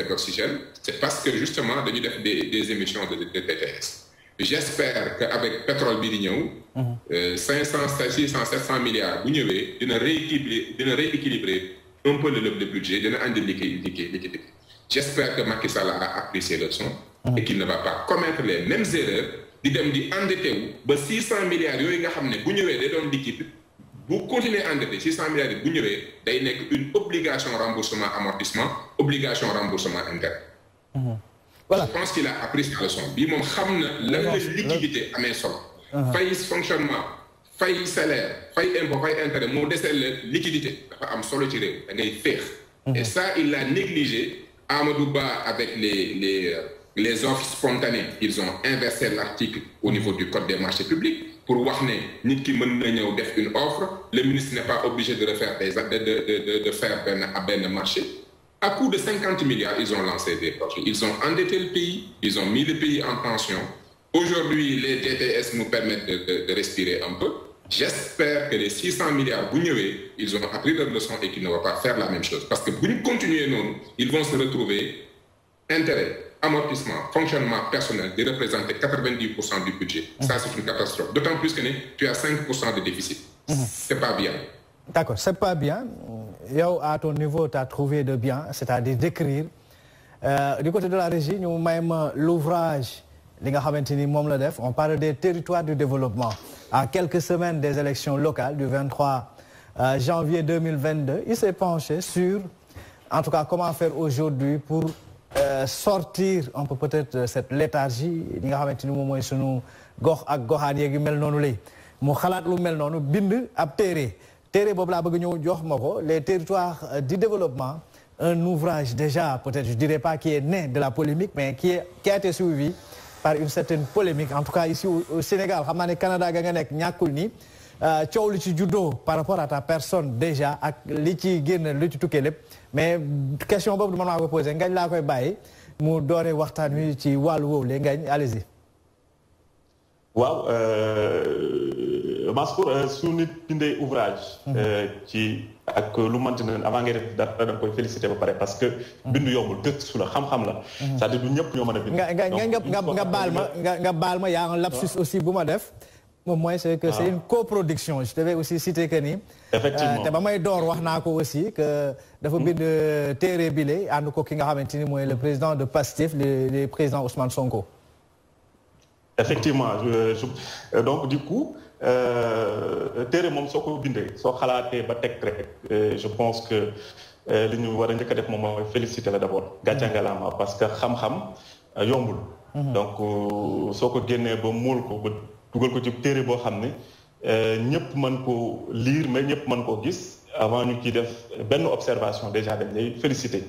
Speaker 3: d'oxygène c'est parce que justement dañu def des des émissions de de TTS. j'espère qu'avec avec pétrole bi 500 600 700 milliards bu allez rééquilibrer un peu le budget dina andi liquidité liquidité. J'espère que Macky Sall a appris ses leçons ah. et qu'il ne va pas commettre les mêmes erreurs Il dem dit endetté ba 600 milliards de nga xam en bu vous day 600 milliards bu il day a une obligation remboursement amortissement obligation remboursement interne. Ah. je pense qu'il a appris cette leçon Il a xam la liquidité mes solo. Ah. fay fonctionnement fay salaire fay impôt fay intérêt moo liquidité am solo et ça il l'a négligé. À avec les, euh, les, offres spontanées, ils ont inversé l'article au niveau du Code des marchés publics pour voir ne une offre le ministre n'est pas obligé de refaire des de de faire à marché à coup de 50 milliards ils ont lancé des projets ils ont endetté le pays ils ont mis le pays en pension. aujourd'hui les DTS nous permettent de respirer un peu J'espère que les 600 milliards ils ont appris leur leçon et qu'ils ne vont pas faire la même chose. Parce que pour continuer non, ils vont se retrouver intérêt, amortissement, fonctionnement personnel de représenter 90% du budget. Mmh. Ça, c'est une catastrophe. D'autant plus que tu as 5% de déficit. Mmh. C'est pas bien.
Speaker 1: D'accord, c'est pas bien. à ton niveau, tu as trouvé de bien, c'est-à-dire d'écrire. Euh, du côté de la régie, nous même l'ouvrage, on parle des territoires du développement à quelques semaines des élections locales du 23 euh, janvier 2022, il s'est penché sur, en tout cas, comment faire aujourd'hui pour euh, sortir on peut peut-être de cette léthargie les territoires euh, du développement un ouvrage déjà peut-être je dirais pas qui est né de la polémique mais qui est qui a été suivi par une certaine polémique en tout cas ici au, au Sénégal xam Canada ga nga nekk ñàkkul ni euh, li ci par rapport à ta personne déjà ak li ci génn li ci tukkee mais question boobu du man maa ko posé la, laa koy bàyyi mu dooree waxtaan ci wàllu woowu le allez-y
Speaker 2: waaw euh, Mascour euh, su nit bindee ouvrage mhm. ci ak lu manti ne avant ngay def dara da nga koy félicité ba pare parce que bindu yombul gëstu la xam-xam la c'est-à-dire du ñëpp ñoo mën a bind nga nga nga baal ma
Speaker 1: nga nga baal ma yaa un lapsus aussi bu ma def moom mooy c'est que c'est une coproduction je devais aussi citer que ni. effectivement euh, te ba may door wax naa ko aussi que dafa hmm? bind euh, téere bi lay ànd ko ki nga xamante ni mooy le hmm? président de PASTEF le président Ousmane Sonko
Speaker 2: effectivement donc du coup euh, téere moom soo ko bindee soo xalaatee ba teg rek euh, je pense que euh, li ñu war a njëkk a def moom mooy féliciter la d'abord gàcce mm-hmm. ngalaama parce que xam-xam yombul. Mm-hmm. donc soo ko génnee ba muul ko ba dugal ko ci téere boo xam ne ñëpp mën ko lire mais ñëpp mën ko gis avant ñu ci def benn observation déjà dañ lay féliciter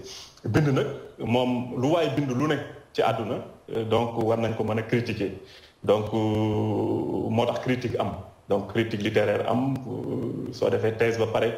Speaker 2: bind nag moom lu waay bind lu ne ci àdduna donc war nañ ko mën a critiquer donc euh, moo tax critique am donc critique littéraire am euh, soo defee thèse ba pare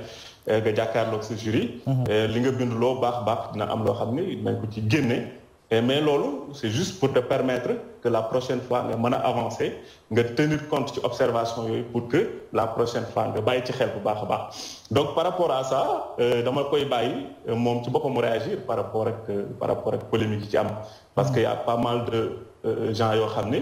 Speaker 2: eh, nga jàkkaarloog sa jury. Mhm. Eh, li nga bind loo baax baax dina am loo xam ne dinañ ko ci génne. Eh, mais loolu c'est juste pour te permettre que la prochaine fois nga mën a avancer nga tenir compte ci observation yooyu pour que la prochaine fois nga bàyyi ci xel bu baax a baax donc par rapport à ça euh, dama koy bàyyi moom ci boppam réagir par rapport ak par rapport ak polémique yi ci am parce mhm. que y a pas mal de gens yoo xam ne.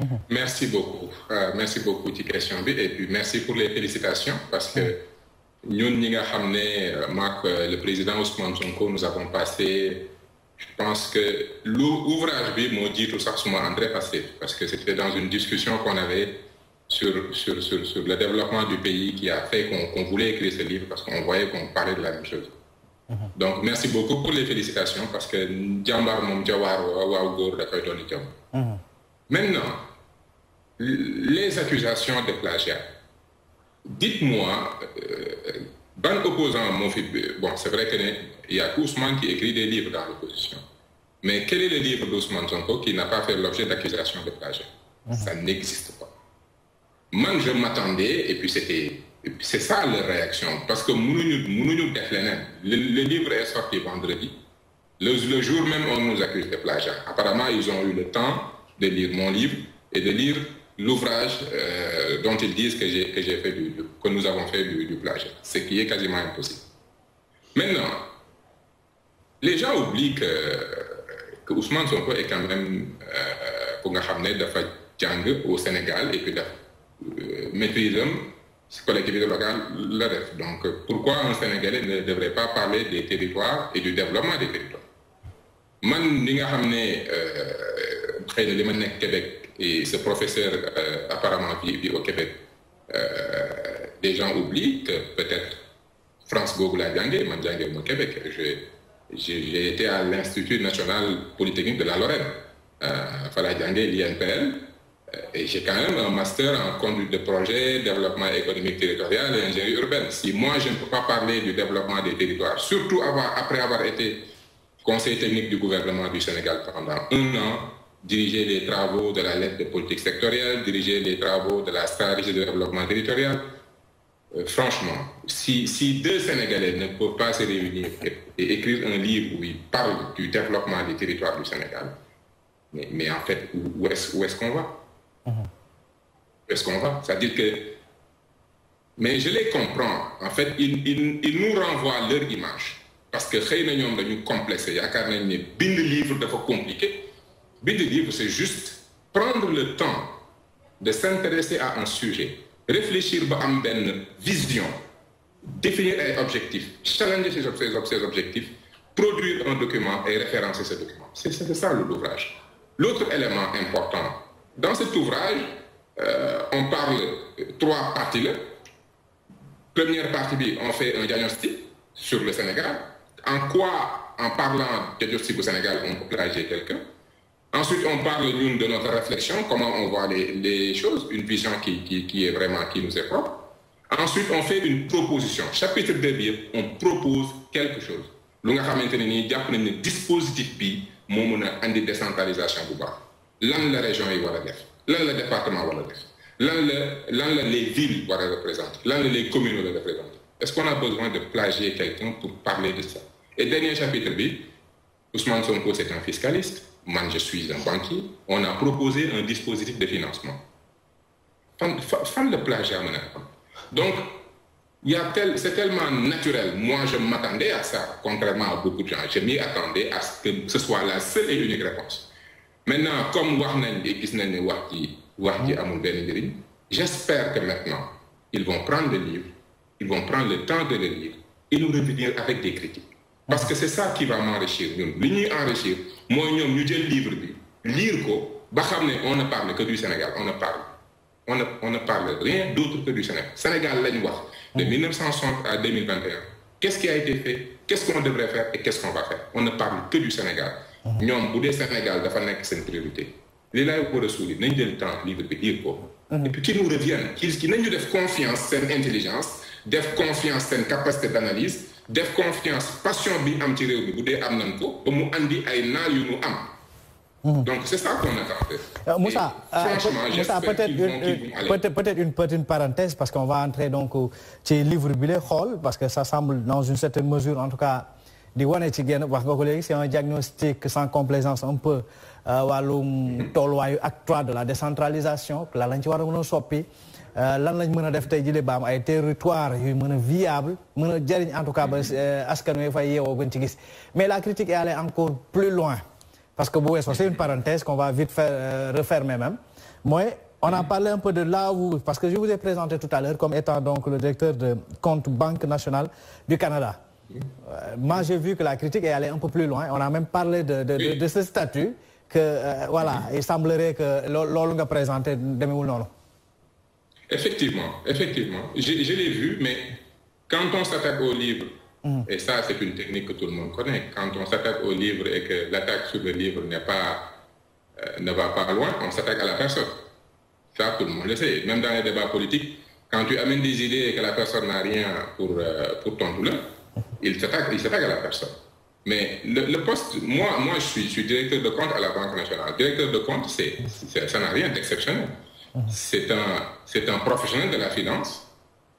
Speaker 3: Mhm. Merci beaucoup. Euh, merci beaucoup de question. Et puis merci pour les félicitations parce que nous, nous avons le président Ousmane Sonko, nous avons passé, je pense que l'ouvrage, m'a dit tout ça, André passé parce que c'était dans une discussion qu'on avait sur, sur, sur, le développement du pays qui a fait qu'on voulait écrire ce livre parce qu'on voyait qu'on parlait de la même chose. Mhm. Donc, merci beaucoup pour les félicitations parce que Djambar Mom da Maintenant, les accusations de plagiat. Dites-moi, euh, opposant, mon bon, c'est vrai qu'il y a Ousmane qui écrit des livres dans l'opposition. Mais quel est le livre d'Ousmane Zonko qui n'a pas fait l'objet d'accusations de plagiat mhm. Ça n'existe pas. Moi, je m'attendais, et puis c'était. C'est ça leur réaction. Parce que le, le livre est sorti vendredi. Le, le jour même, on nous accuse de plagiat. Apparemment, ils ont eu le temps de lire mon livre et de lire l'ouvrage euh, dont ils disent que, que, fait du, que nous avons fait du, plage. ce qui est quasiment impossible. Maintenant, les gens oublient que, Ousmane Sonko est quand même euh, dafa au Sénégal et puis daf ce euh, collectivité locale la rêve. Donc pourquoi un Sénégalais ne devrait pas parler des territoires et du développement des territoires man de Québec et ce professeur euh, apparemment vit au Québec euh, des gens oublient que peut-être France googu la au moi, Québec j'ai été à l'Institut national polytechnique de la Lorraine euh, Fala l'INPL et j'ai quand même un master en conduite de projet, développement économique territorial et ingénierie urbaine. Si moi, je ne peux pas parler du développement des territoires, surtout après avoir été conseiller technique du gouvernement du Sénégal pendant un an, diriger les travaux de la lettre de politique sectorielle, diriger les travaux de la stratégie de développement territorial. Euh, franchement, si, deux Sénégalais ne peuvent pas se réunir et, écrire un livre où ils parlent du développement des territoires du Sénégal, mais, en fait, où, est-ce qu'on va mm-hmm. Où est-ce qu'on va C'est-à-dire que... Mais je les comprends. En fait, ils, nous renvoient leur image. Parce que nous sommes complexes. Il y a des de livre compliqués but du livre, c'est juste prendre le temps de s'intéresser à un sujet, réfléchir à une vision, définir un objectif, challenger ces objectifs, produire un document et référencer ce document. C'est ça l'ouvrage. L'autre élément important, dans cet ouvrage, euh, on parle euh, trois parties. -là. Première partie, on fait un diagnostic sur le Sénégal. En quoi, en parlant de diagnostic au Sénégal, on peut plagier quelqu'un Ensuite, on parle d'une de notre réflexion, comment on voit les, choses, une vision qui, est vraiment, qui nous est propre. Ensuite, on fait une proposition. Chapitre 2, on propose quelque chose. Nous avons un dispositif qui décentralisation en décentralisation. Dans la région est L'un le département est l'un les villes représentent, L'un les communes représentent. Est-ce qu'on a besoin de plagier quelqu'un pour parler de ça Et dernier chapitre B, Ousmane Sonko, c'est un fiscaliste moi je suis un banquier, on a proposé un dispositif de financement. Fan le plagiat Donc, tel, c'est tellement naturel. Moi, je m'attendais à ça, contrairement à beaucoup de gens. Je m'y attendais à ce que ce soit la seule et unique réponse. Maintenant, comme j'espère que maintenant, ils vont prendre le livre, ils vont prendre le temps de le lire et nous revenir avec des critiques parce que c'est ça qui va m'enrichir Nous nous enrichir Moi, nous ñu jël livre lire on ne parle que du Sénégal on ne parle on ne parle rien d'autre que du Sénégal Sénégal lañ de 1960 à 2021 qu'est-ce qui a été fait qu'est-ce qu'on devrait faire et qu'est-ce qu'on va faire on ne parle que du Sénégal. Nous, bu le Sénégal dafa nekk une priorité Les lay pour le suuli jël temps livre bi lire mhm. et puis qu'ils nous reviennent qu'ils nous def confiance en intelligence def confiance une capacité d'analyse de confiance passion bi am ci réew mi bu dee am nañ ko mu andi ay yu am. Hmm. donc c'est ça qu'on a
Speaker 1: euh, Moussa euh, Moussa peut-être peut-être une petite parenthèse parce qu'on va entrer donc ci livre bi la parce que ça semble dans une certaine mesure en tout cas di wane ci wax nga ko c'est un diagnostic sans complaisance un peu euh, wàllum hmm. tolluwaayu ak trois de la décentralisation la lañ ci war a mën soppi lan territoire viable mais la critique est allée encore plus loin parce que c'est une parenthèse qu'on va vite euh, refermer même on a parlé un peu de là où parce que je vous ai présenté tout à l'heure comme étant donc le directeur de compte Banque nationale du Canada. Euh, moi, j'ai vu que la critique est allée un peu plus loin. On a même parlé de, ce statut que, euh, voilà, il semblerait que l'on a présenté de non.
Speaker 3: Effectivement, effectivement. Je, l'ai vu, mais quand on s'attaque au livre, mm. et ça c'est une technique que tout le monde connaît, quand on s'attaque au livre et que l'attaque sur le livre n'est pas, euh, ne va pas loin, on s'attaque à la personne. Ça, tout le monde le sait. Même dans les débats politiques, quand tu amènes des idées et que la personne n'a rien pour, euh, pour ton douleur, mm-hmm. il s'attaque, il s'attaque à la personne. Mais le, poste, moi, moi je suis, je, suis, directeur de compte à la Banque nationale. Directeur de compte, c'est, ça n'a rien d'exceptionnel. C'est un, professionnel de la finance.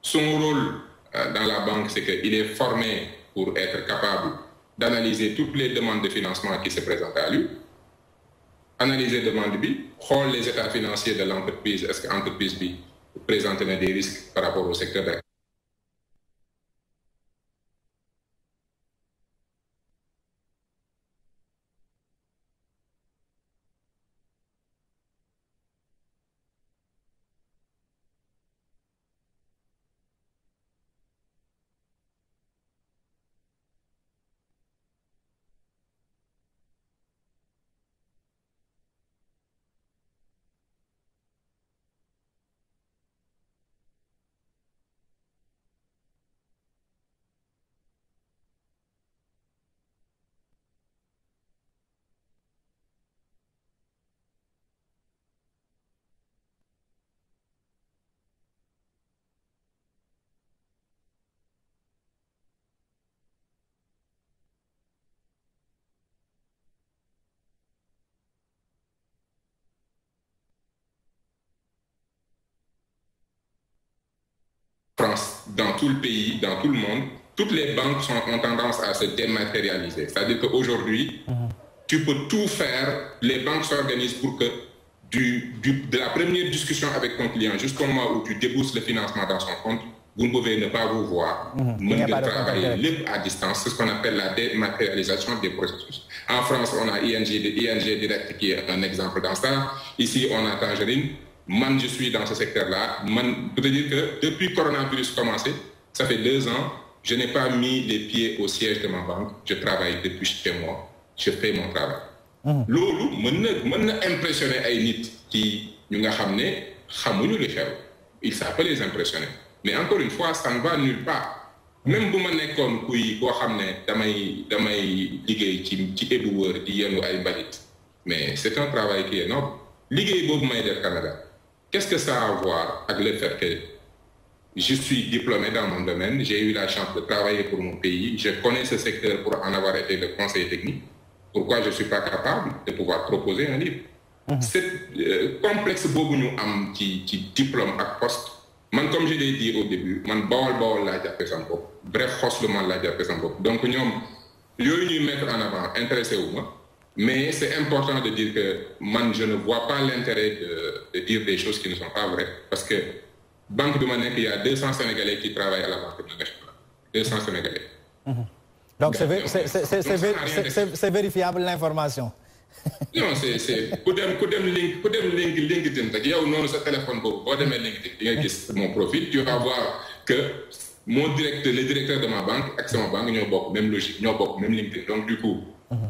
Speaker 3: Son rôle euh, dans la banque, c'est qu'il est formé pour être capable d'analyser toutes les demandes de financement qui se présentent à lui, analyser les demande B, les états financiers de l'entreprise, est-ce que l'entreprise B présente des risques par rapport au secteur d'activité. dans tout le pays, dans tout le monde, toutes les banques sont, en tendance à se dématérialiser. C'est-à-dire qu'aujourd'hui, mhm. tu peux tout faire, les banques s'organisent pour que du, de la première discussion avec ton client jusqu'au moment où tu débousses le financement dans son compte, vous ne pouvez ne pas vous voir, mhm. libre à distance, c'est ce qu'on appelle la dématérialisation des processus. En France, on a ING, ING Direct qui est un exemple dans ça. Ici, on a Tangerine man je suis dans ce secteur-là. Je peux te dire que depuis que le coronavirus a commencé, ça fait deux ans, je n'ai pas mis les pieds au siège de ma banque. Je travaille depuis chez moi. Je fais mon travail. Mmh. loolu mën na mën impressionner ay nit ci ñu nga xam ne les li il s'appelle les impressionner mais encore une fois ça ne va nulle part même si ma qui kuy koo xam ne damay damay liggéey ci ci est di yenu ay mais c'est un travail qui est noble liggéey Canada Qu'est-ce que ça a à voir avec le fait que je suis diplômé dans mon domaine, j'ai eu la chance de travailler pour mon pays, je connais ce secteur pour en avoir été le conseiller technique. Pourquoi je ne suis pas capable de pouvoir proposer un livre mmh. C'est euh, complexe beaucoup am qui, diplôme à poste. comme je l'ai dit au début, man bawal bawal la jappé sam Bref, xoslu man la jappé sam Donc nous yoy mettre en avant intéressé au moins. Mais c'est important de dire que moi, je ne vois pas l'intérêt de, de, dire des choses qui ne sont pas vraies. Parce que Banque de Manek, il y a 200 Sénégalais qui travaillent à la Banque de Manek. 200 Sénégalais.
Speaker 1: Mhm. Donc, c'est vérifiable l'information.
Speaker 3: non c'est c'est link link LinkedIn rek yow noonu ce téléphone pour LinkedIn mon profit. tu vas voir que mon directeur le directeur de ma banque à ma banque ñoo bokk même logique ñoo bokk même LinkedIn donc du coup. Mhm.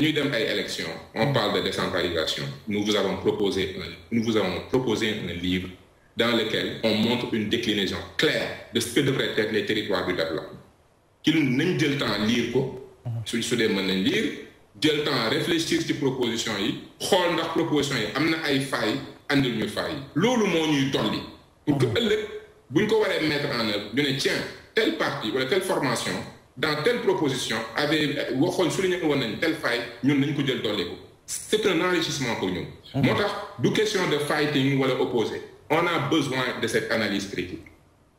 Speaker 3: nous dem ay élections on parle de décentralisation nous vous avons proposé nous vous avons proposé un livre dans lequel on montre une déclinaison claire de ce que devraient être les territoires du développement qu'il nañ le temps lire ko sur sur dee mën lire jël temps réfléchir ces propositions yi xool ndax proposition yi am na ay failles andil l'eau failles monde moo ñuy tolli pour que mmh. ëllëg buñ ko mettre en œuvre tiens telle partie telle formation dans telle proposition avait un enrichissement pour nous. Mmh. Donc, question de fighting wala opposé on a besoin de cette analyse critique.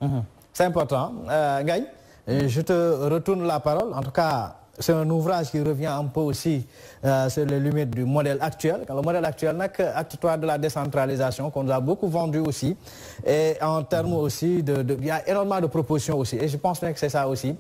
Speaker 1: Mmh. C'est important euh, Gaï, je te retourne la parole en tout cas c'est un ouvrage qui revient un peu aussi euh, sur les limites du modèle actuel le modèle actuel n'est acte de la décentralisation qu'on nous a beaucoup vendu aussi et en termes aussi de de il y a énormément de propositions aussi et je pense que c'est ça aussi.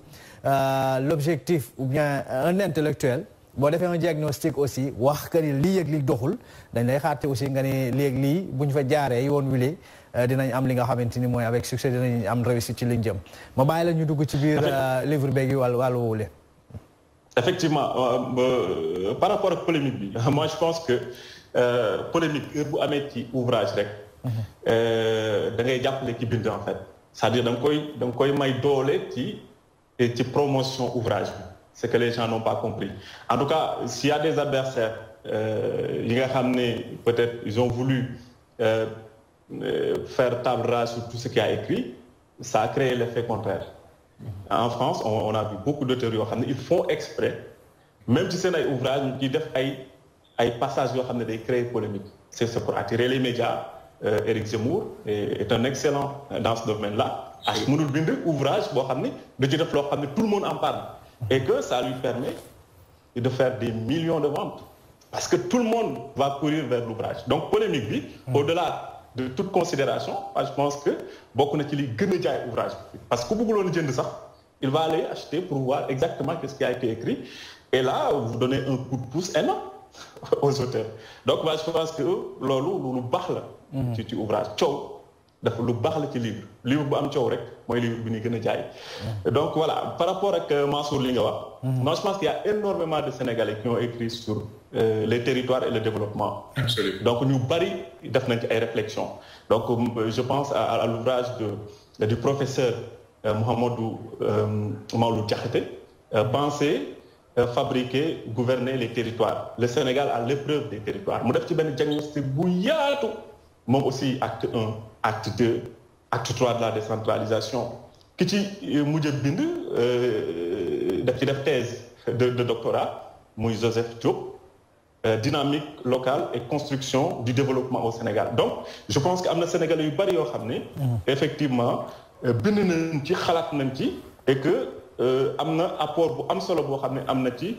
Speaker 1: Euh, l'objectif ou bien euh, un intellectuel bo defee un diagnostic aussi wax que ni li ak lii doxul dañ lay xaate aussi nga ne li ak lii bu fa jaaree yoon wile euh, dinañ am li nga xamante moy avec succès dinañ am réussite ci liñ jëm ma bay la ñu dugg ci biir livre beeg wal wàll wulé
Speaker 2: effectivement par rapport à polémique bi moi je pense que polémique heure bu amé ci ouvrage rek mhm. da ngay jappalé ci bind en fait c'est-à-dire da koy da koy may doole ci et promotion ouvrage c'est que les gens n'ont pas compris en tout cas s'il y a des adversaires euh, peut-être ils ont voulu euh, euh, faire table sur tout ce qui a écrit ça a créé l'effet contraire en France on, a vu beaucoup d'auteurs théories, ils font exprès même si c'est un ouvrage qui doivent aller passer passage créer polémique c'est pour attirer les médias euh, Zemmour est un excellent dans ce domaine-là ah, ouvrage tout le monde en parle et que ça lui permet de faire des millions de ventes parce que tout le monde va courir vers l'ouvrage donc polémique bi hmm. au-delà de toute considération je pense que beaucoup ci li ouvrage parce que ku bëgguloon jënd ça il va aller acheter pour voir exactement ce qui a été écrit et là vous donnez un coup de pouce énorme aux auteurs donc je pense que loolu nous parle la hmm. ouvrage Ciao dafa lu la livre livre bu am rek livre mm-hmm. donc voilà par rapport à euh, Mansour li nga wax. Mm-hmm. je pense qu'il y a énormément de Sénégalais qui ont écrit sur euh, les territoires et le développement. donc nous bari def nañ ci réflexions donc euh, je pense à, l'ouvrage de du professeur Mohamedou Mouhamadou Diakhaté penser fabriquer gouverner les territoires le Sénégal à l'épreuve des territoires mu def ci benn diagnostic bu yaatu aussi acte 1 acte 2 acte 3 de la décentralisation qui ci euh, mujj a bind la euh, thèse de de doctorat muy Joseph Diop euh, dynamique locale et construction du développement au Sénégal donc je pense que Sénégal Sénégalais yu bari yoo mm. effectivement bind nañ ci xalaat nañ ci et que am apport bu am solo pour xam Amna am na ci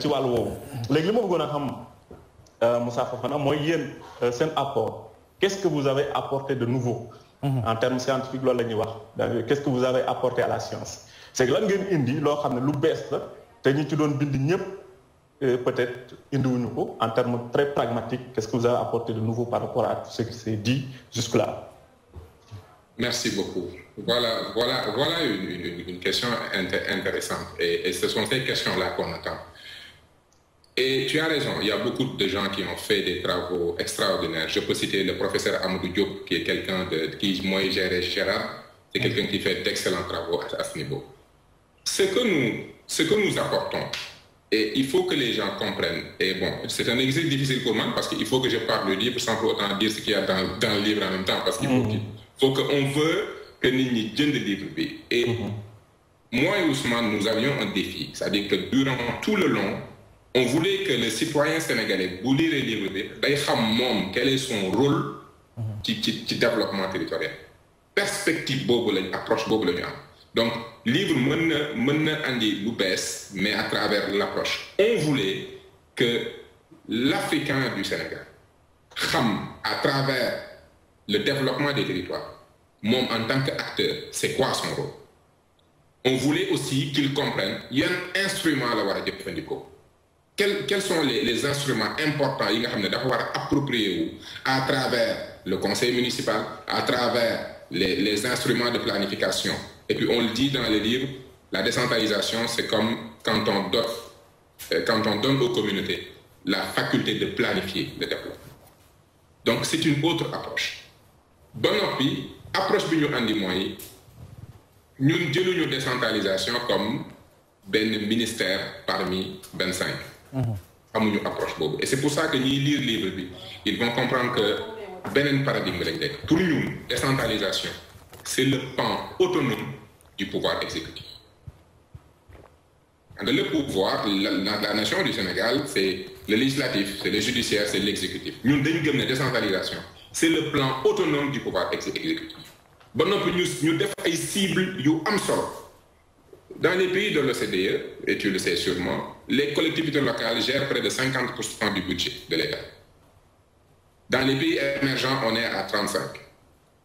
Speaker 2: ci wàll woowu. léegi à ma bëggoon a Moussa apport qu'est-ce que vous avez apporté de nouveau mhm. en termes scientifiques qu'est-ce que vous avez apporté à la science c'est que peut-être en termes très pragmatiques qu'est-ce que vous avez apporté de nouveau par rapport à tout ce qui s'est dit jusque-là
Speaker 3: Merci beaucoup. Voilà, voilà, voilà une, question intéressante. Et, et ce sont ces questions-là qu'on attend. Et tu as raison, il y a beaucoup de gens qui ont fait des travaux extraordinaires. Je peux citer le professeur Amadou Diop, qui est quelqu'un de qui moi géré c'est quelqu'un qui fait d'excellents travaux à, ce niveau. Ce que nous, ce que nous apportons, et il faut que les gens comprennent. Et bon, c'est un exercice difficile pour moi parce qu'il faut que je parle le livre sans pour autant dire ce qu'il y a dans, le livre en même temps parce qu'il faut, mhm. qu'on veut que nous donne de livre. Et mhm. moi et Ousmane, nous avions un défi. C'est-à-dire que durant tout le long, on voulait que les citoyens sénégalais, Bouli leur sache quel est son rôle du développement territorial. perspective approche, approche donc livre ne mais à travers l'approche, on voulait que l'Africain du Sénégal à travers le développement des territoires en tant qu'acteur, c'est quoi son rôle. on voulait aussi qu'il comprenne qu'il y a un instrument à la fin du coup quels, sont les, instruments importants yi nga approprié à travers le conseil municipal à travers les, instruments de planification et puis on le dit dans les livres la décentralisation c'est comme quand on donne euh, quand on donne aux communautés la faculté de planifier le développement donc c'est une autre approche Bon puis, approche que nous andi nous nous décentralisation comme un ministère parmi 25 approche et c'est pour ça que ñuy lire livre bi ils vont comprendre que beneen paradigme lañ nekk pour décentralisation c'est le plan autonome du pouvoir exécutif le pouvoir la, nation du Sénégal c'est le législatif c'est le judiciaire c'est l'exécutif nous dañu gëm décentralisation c'est le plan autonome du pouvoir exécutif ba noppi ñu ñu def ay cibles am dans les pays de l'OCDE, et tu le sais sûrement, les collectivités locales gèrent près de 50% du budget de l'État. Dans les pays émergents, on est à 35.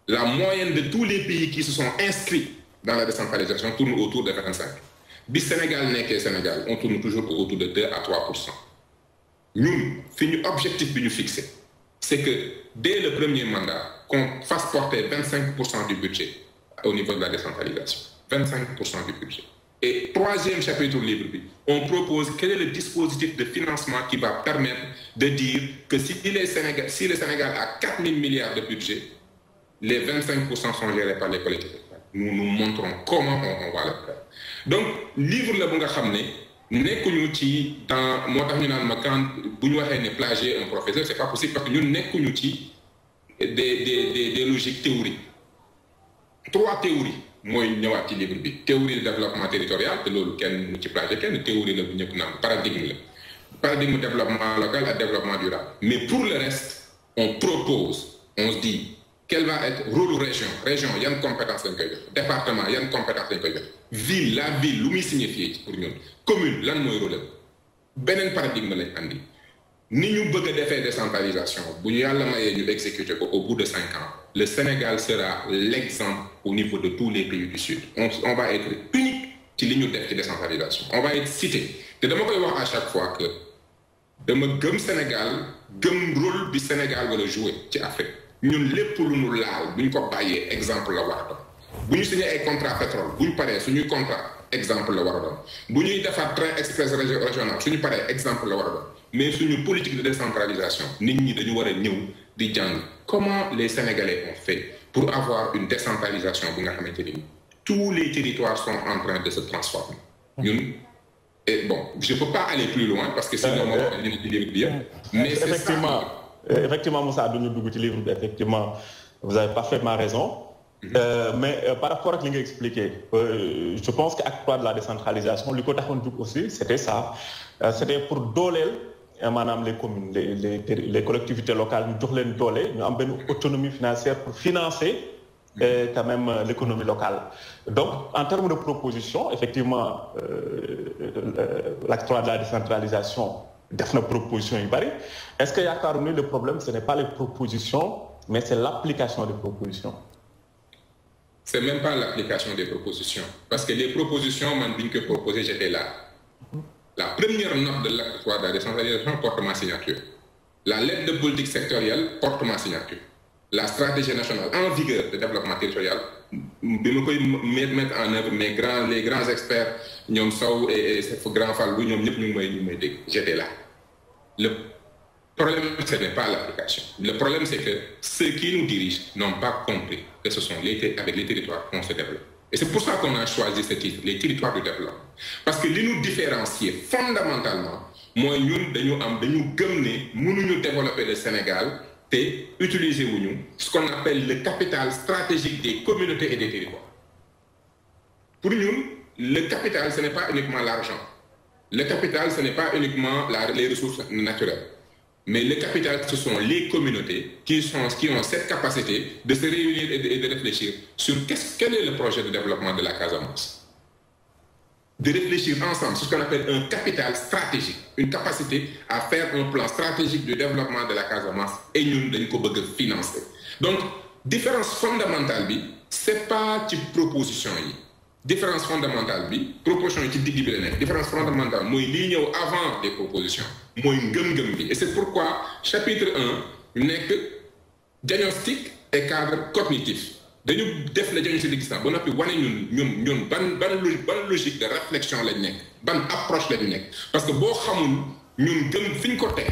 Speaker 3: La moyenne de tous les pays qui se sont inscrits dans la décentralisation tourne autour de 25. Du Sénégal n'est que Sénégal, on tourne toujours autour de 2 à 3%. Nous, l'objectif que nous fixer. c'est que dès le premier mandat, qu'on fasse porter 25% du budget au niveau de la décentralisation. 25% du budget. Et troisième chapitre du livre, on propose quel est le dispositif de financement qui va permettre de dire que si, le Sénégal, a 4 000 milliards de budget, les 25% sont gérés par les collectivités. Nous nous montrons comment on, va le faire. Donc, livre le bon nous ci dans le pas ñu naan ma quand bu ñu plagié un professeur n'est pas possible parce que nous sommes des des des logiques théoriques trois théories moy ñëwaat ci livre bi théorie du développement territorial c'est loolu kenn ci plagié kenn théorie la bu ñëpp paradigme la paradigme développement local le développement durable mais pour le reste on propose on se dit quel va être rôle région région il une compétence lañ koy jox département y compétence une compétence jox ville la ville lu signifie signifié ci pour ñun commune lan mooy rôle beneen paradigme lañ andi ni ñu bëgg defee décentralisation bu ñu yàlla exécuter au bout de cinq ans le Sénégal sera l'exemple au niveau de tous les pays du Sud. On, on va être unique ci l'ignore de def décentralisation. on va être cité Et je koy wax à chaque fois que me le Sénégal le rôle du Sénégal wala jouer ci Afrique ñun nous lu nous laal Nous ñu ko exemple la war a signé un contrat pétrole Nous ñu paree un contrat exemple la war Nous nous bu un train express régional suñu parais. exemple la war Mais mais politique de décentralisation nous ñi dañu war a di jàng comment les Sénégalais ont fait pour avoir une décentralisation bi nga tous les territoires sont en train de se transformer. et bon je peux pas aller plus loin parce que c'est normal, mais effectivement
Speaker 2: effectivement Moussa dugg livre effectivement vous avez parfaitement raison. Mm-hmm. Euh, mais euh, par rapport à ce que expliqué, euh, je pense qu'à de la décentralisation, le côté aussi, c'était ça. c'était pour doler euh, les communes les collectivités locales nous jox leen une autonomie financière pour financer euh, quand même euh, l'économie locale. Donc, en termes de propositions, effectivement, l'acte de la décentralisation est proposition il est-ce qu'il quand même le problème ce n'est pas les propositions mais c'est l'application des propositions
Speaker 3: c'est même pas l'application des propositions parce que les propositions man que proposées, j'étais là mm-hmm. La première note de l'acte 3 de la décentralisation porte ma signature. La lettre de politique sectorielle porte ma signature. La stratégie nationale en vigueur de développement territorial, je ma mettre en œuvre mes grands les grands experts ñoom et Grand j'étais là. Le problème, ce n'est pas l'application. Le problème, c'est que ceux qui nous dirigent n'ont pas compris que ce sont les avec les territoires qu'on se développe. Et c'est pour ça qu'on a choisi ce titre, les territoires du développement parce que nous nous différencier fondamentalement moi nous nous développer le Sénégal et utiliser ce qu'on appelle le capital stratégique des communautés et des territoires pour nous, le capital ce n'est pas uniquement l'argent le capital ce n'est pas uniquement les ressources naturelles mais le capital ce sont les communautés qui ont cette capacité de se réunir et de, réfléchir sur quel est le projet de développement de la Casamance de réfléchir ensemble sur ce qu'on appelle un capital stratégique, une capacité à faire un plan stratégique de développement de la Casamance et nous devons financer. Donc, différence fondamentale, ce n'est pas une proposition. Différence fondamentale, bi, proposition est La Différence fondamentale, c'est ligne avant des propositions, Et c'est pourquoi, chapitre 1, n'est que diagnostic et cadre cognitif dañu def la jañu si l'existant ba noppi wane ñun ñun ñun ban ban ban logique de réflexion lañ nekk ban approche lañu nekk parce que boo xamul ñun gëm fi ñu ko teg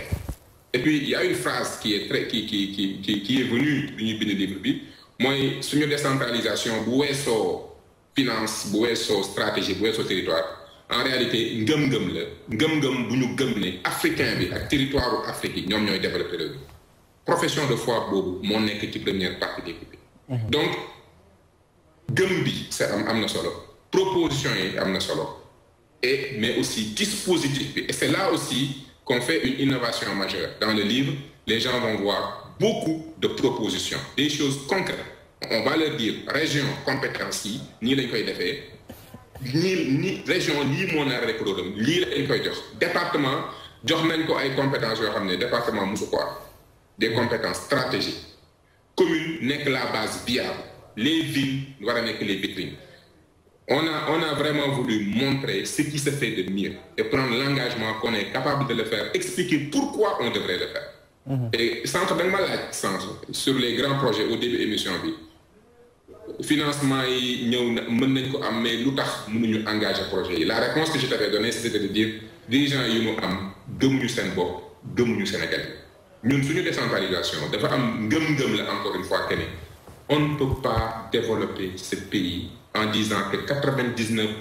Speaker 3: et puis il y a une phrase qui est très qui qui qui qui est venue bi ñuy bind livre bi mooy suñu décentralisation bu weesoo finance bu weesoo stratégie bu weesoo territoire en réalité ngëm-ngëm la ngëm-ngëm bu ñu gëm ne africain bi ak territoire africain, Afrique yi ñoom ñooy développé réew profession de foi boobu moo nekk ci première partie bi Mhm. donc Gumbi, c'est am proposition mais aussi dispositif et c'est là aussi qu'on fait une innovation majeure dans le livre les gens vont voir beaucoup de propositions des choses concrètes on va leur dire région compétence ni nii koy région ni mon nar département jox nañ ko compétences département mosu des compétences stratégiques commune n'est que la base viable. Les villes doivent être les vitrines. On a, vraiment voulu montrer ce qui se fait de mieux et prendre l'engagement qu'on est capable de le faire, expliquer pourquoi on devrait le faire. Mhm. Et centre vraiment l'accent sur les grands projets au début de l'émission. Financement, mais nous engagé projet. La réponse que je t'avais donnée, c'était de dire les gens, ils nous deux nous Sénégal nous sommes une décentralisation. encore une fois, on ne peut pas développer ce pays en disant que 99%,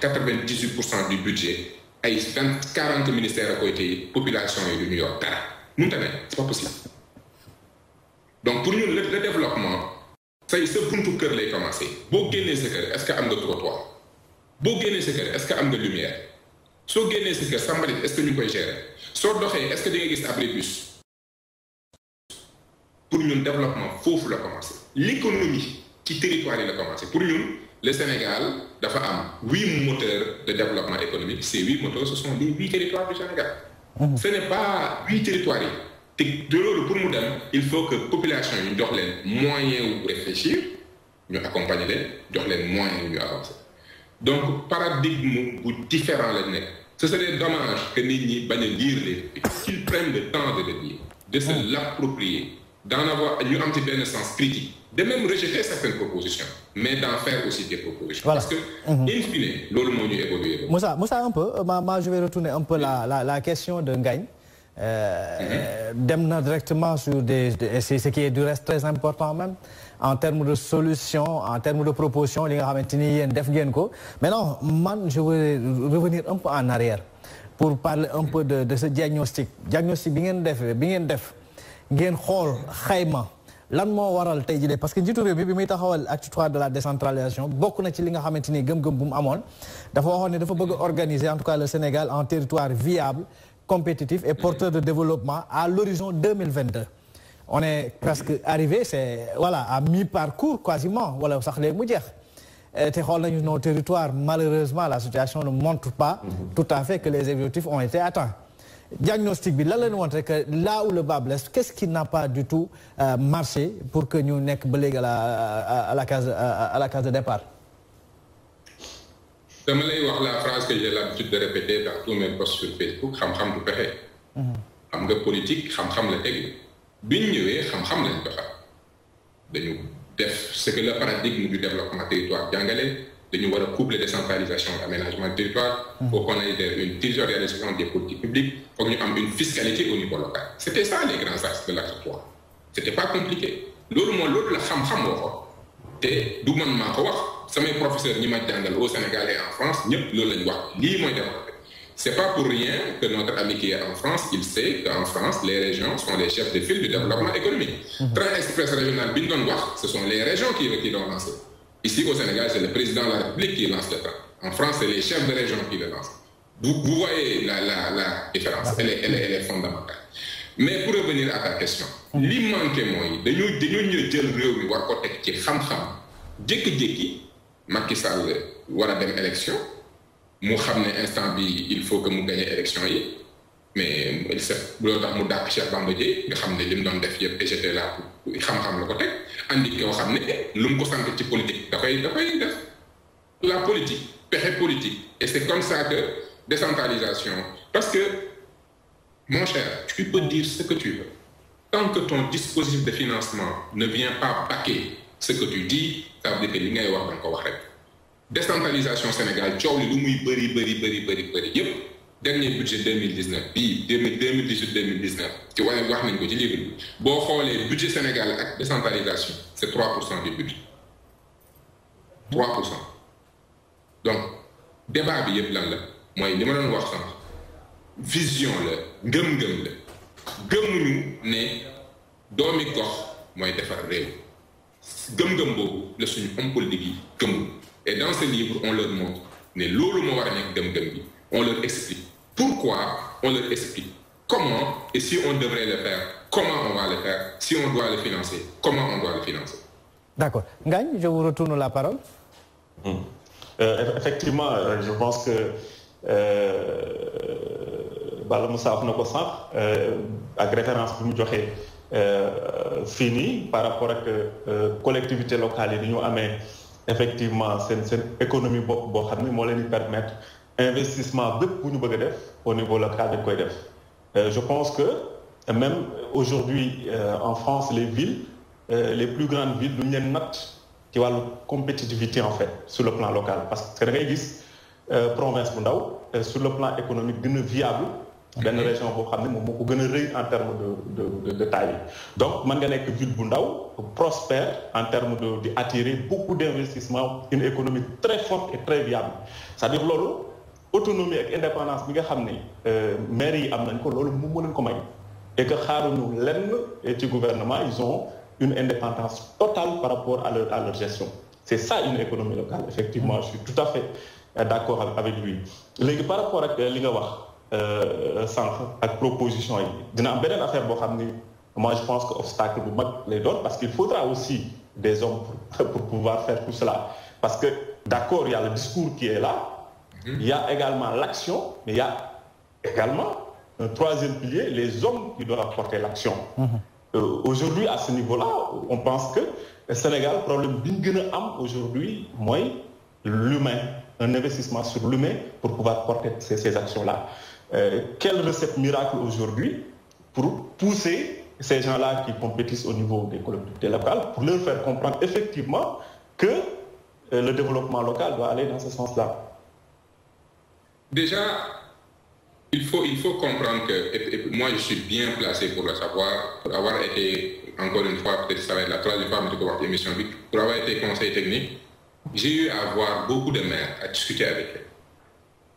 Speaker 3: 98% du budget est 40 ministères à côté, population et de New York. Nous ce n'est pas possible. Donc pour nous, le développement, c'est ce que nous a commencé. Si on est-ce qu'il y a un trottoir Si on est-ce qu'il y a un lumière Si on est-ce a est-ce que nous pouvons gérer Si est-ce que y a un plus pour le développement foofu la commencer. l'économie qui territoire yi la commencé pour nous, le Sénégal dafa am huit moteurs de développement économique ces huit moteurs ce sont les huit territoires du Sénégal mmh. ce n'est pas huit territoires de loolu pour nous dem il faut que population yi jox leen moyen réfléchir nous accompagner leen jox leen moyen avancer donc paradigme bu différent ce serait dommage que nit ñi bañ a les qu'ils prennent le temps de le lire de se mmh. l'approprier d'en avoir, un petit peu un sens critique de même rejeter certaines propositions mais d'en faire aussi des propositions. parce que. Mhm. in fine loolu moo évolue
Speaker 1: Moussa Moussa un peu ma je vais retourner un peu la la question de gagne euh, dem directement sur des c'est ce qui est du reste très important même en termes de solutions, en termes de propositions, li nga ni maintenant man je vais revenir un peu en arrière pour parler un peu de de ce diagnostic diagnostic bien ngeen def bi ngeen xool xayma lan moo waral tey parce que njiitu réew bi bi muy taxawal acte de la décentralisation bokk na ci li nga xamante ni gëm-gëm bu mu amoon dafa waxoon ne dafa bëgg organiser en tout cas le Sénégal en territoire viable compétitif et porteur de développement à l'horizon 2022 on est presque arrivé c'est voilà à mi-parcours quasiment wala sax léegi mu jeex euh, te xool nañu nos territoires malheureusement la situation ne montre pas mm-hmm. tout à fait que les objectifs ont été atteints diagnostic bi la là où le bas blesse qu'est-ce qui n'a pas du tout euh, marché pour que nous nekk ba à la à la case à la case de départ. dama lay wax la phrase que j'ai l'habitude de répéter dans tous mes posts sur Facebook xam-xam du pexe. Mhm. xam nga politique xam-xam la ne sais ñëwé
Speaker 3: xam-xam lañ ce que le paradigme du développement territoire jàngale nous voir couple et décentralisation aménagement du territoire mm. pour qu'on ait une territorialisation des politiques publiques, pour qu'on ait une fiscalité au niveau local. c'était ça les grands axes de l'acte 3 c'était pas compliqué L'autre mot, l'autre, la xam-xam du man professeur au Sénégal et en France nous ne la pas. c'est pas pour rien que notre ami qui est en France il sait qu'en France les régions sont les chefs de file du développement économique. Mm. Train express régional ce sont les régions qui qui l'ont lancé. Ici au Sénégal, c'est le président de la République qui lance le train. En France, c'est les chefs de région qui le lancent. Vous, voyez la, différence, elle est, fondamentale. Mais pour revenir à ta question, ce qui manque, nous nous ñu jël devons mi nous ko teg ci xam-xam dès que Macky Sall war a élection nous xam instant il faut que nous gagnions élection mais loolu tax mu dàq Cheikh Bamba Dièye nga xam ne li mu doon def yëpp DGT la xam-xam la ko teg andi koo xam ne lu mu ko sant ci politique da koy da koy def la politique pexe politique et c'est comme ça que décentralisation parce que mon cher tu peux dire ce que tu veux tant que ton dispositif de financement ne vient pas paquer ce que tu dis ça veut dire que li ngay wax da nga ko wax rek décentralisation Sénégal coow li lu muy bëri bëri bëri bëri bëri yëpp dernier budget 2019 puis 2018 2019 ci waaye wax nañ ko ci livre bi boo xoolee budget Sénégal ak décentralisation c'est 3 pour cent du budget 3 pour cent donc débat bi yëpp lan la mooy li ma doon wax sànq vision la ngëm-ngëm la gëmuñu ne doomi gox mooy defar réew gëm-gëm boobu la suñu homme politique yi gëmul et dans ce livre on leur montre ne loolu moo war a gëm-gëm bi on leur explique pourquoi on leur explique comment et si on devrait le faire, comment on va le faire, si on doit le financer, comment on doit le financer.
Speaker 1: D'accord. Gagne, je vous retourne la parole.
Speaker 2: Hmm. Euh, effectivement, euh, je pense que euh, À référence que nous fini par rapport à que collectivité locale, nous avons effectivement c'est une économie qui nous permettre investissement de au niveau local de Kouedef. Euh, je pense que euh, même aujourd'hui euh, en France les villes les plus grandes villes nous leen natt ci compétitivité en fait sur le plan local parce que da ngay province bu sur le plan économique d'une viable d'une région en termes de de taille donc man que ville prospère en termes de beaucoup d'investissements, une économie très forte et très viable c'est-à-dire autonomie et indépendance bi nga xam ne euh, mairie yi am nañ ko loolu et que xaaruñu lenn gouvernement ils ont une indépendance totale par rapport à leur gestion c'est ça une économie locale effectivement je suis tout à fait euh, d'accord avec lui par rapport à euh, li nga wax ak proposition yi dina am beneen affaire moi je pense que obstacle bu les lay parce qu'il faudra aussi des hommes pour pouvoir faire tout cela parce que d'accord il y a le discours qui est là il y a également l'action, mais il y a également un troisième pilier, les hommes qui doivent apporter l'action. Mhm. Euh, aujourd'hui, à ce niveau-là, on pense que le Sénégal, le problème d'une aujourd'hui, moi, l'humain, un investissement sur l'humain pour pouvoir porter ces, actions-là. Euh, quelle recette miracle aujourd'hui pour pousser ces gens-là qui compétissent au niveau des collectivités locales, pour leur faire comprendre effectivement que euh, le développement local doit aller dans ce sens-là.
Speaker 3: Déjà, il faut, comprendre que, et, moi je suis bien placé pour le savoir, pour avoir été, encore une fois, peut-être ça va être la troisième fois pour avoir été conseiller technique, j'ai eu à voir beaucoup de maires, à discuter avec eux.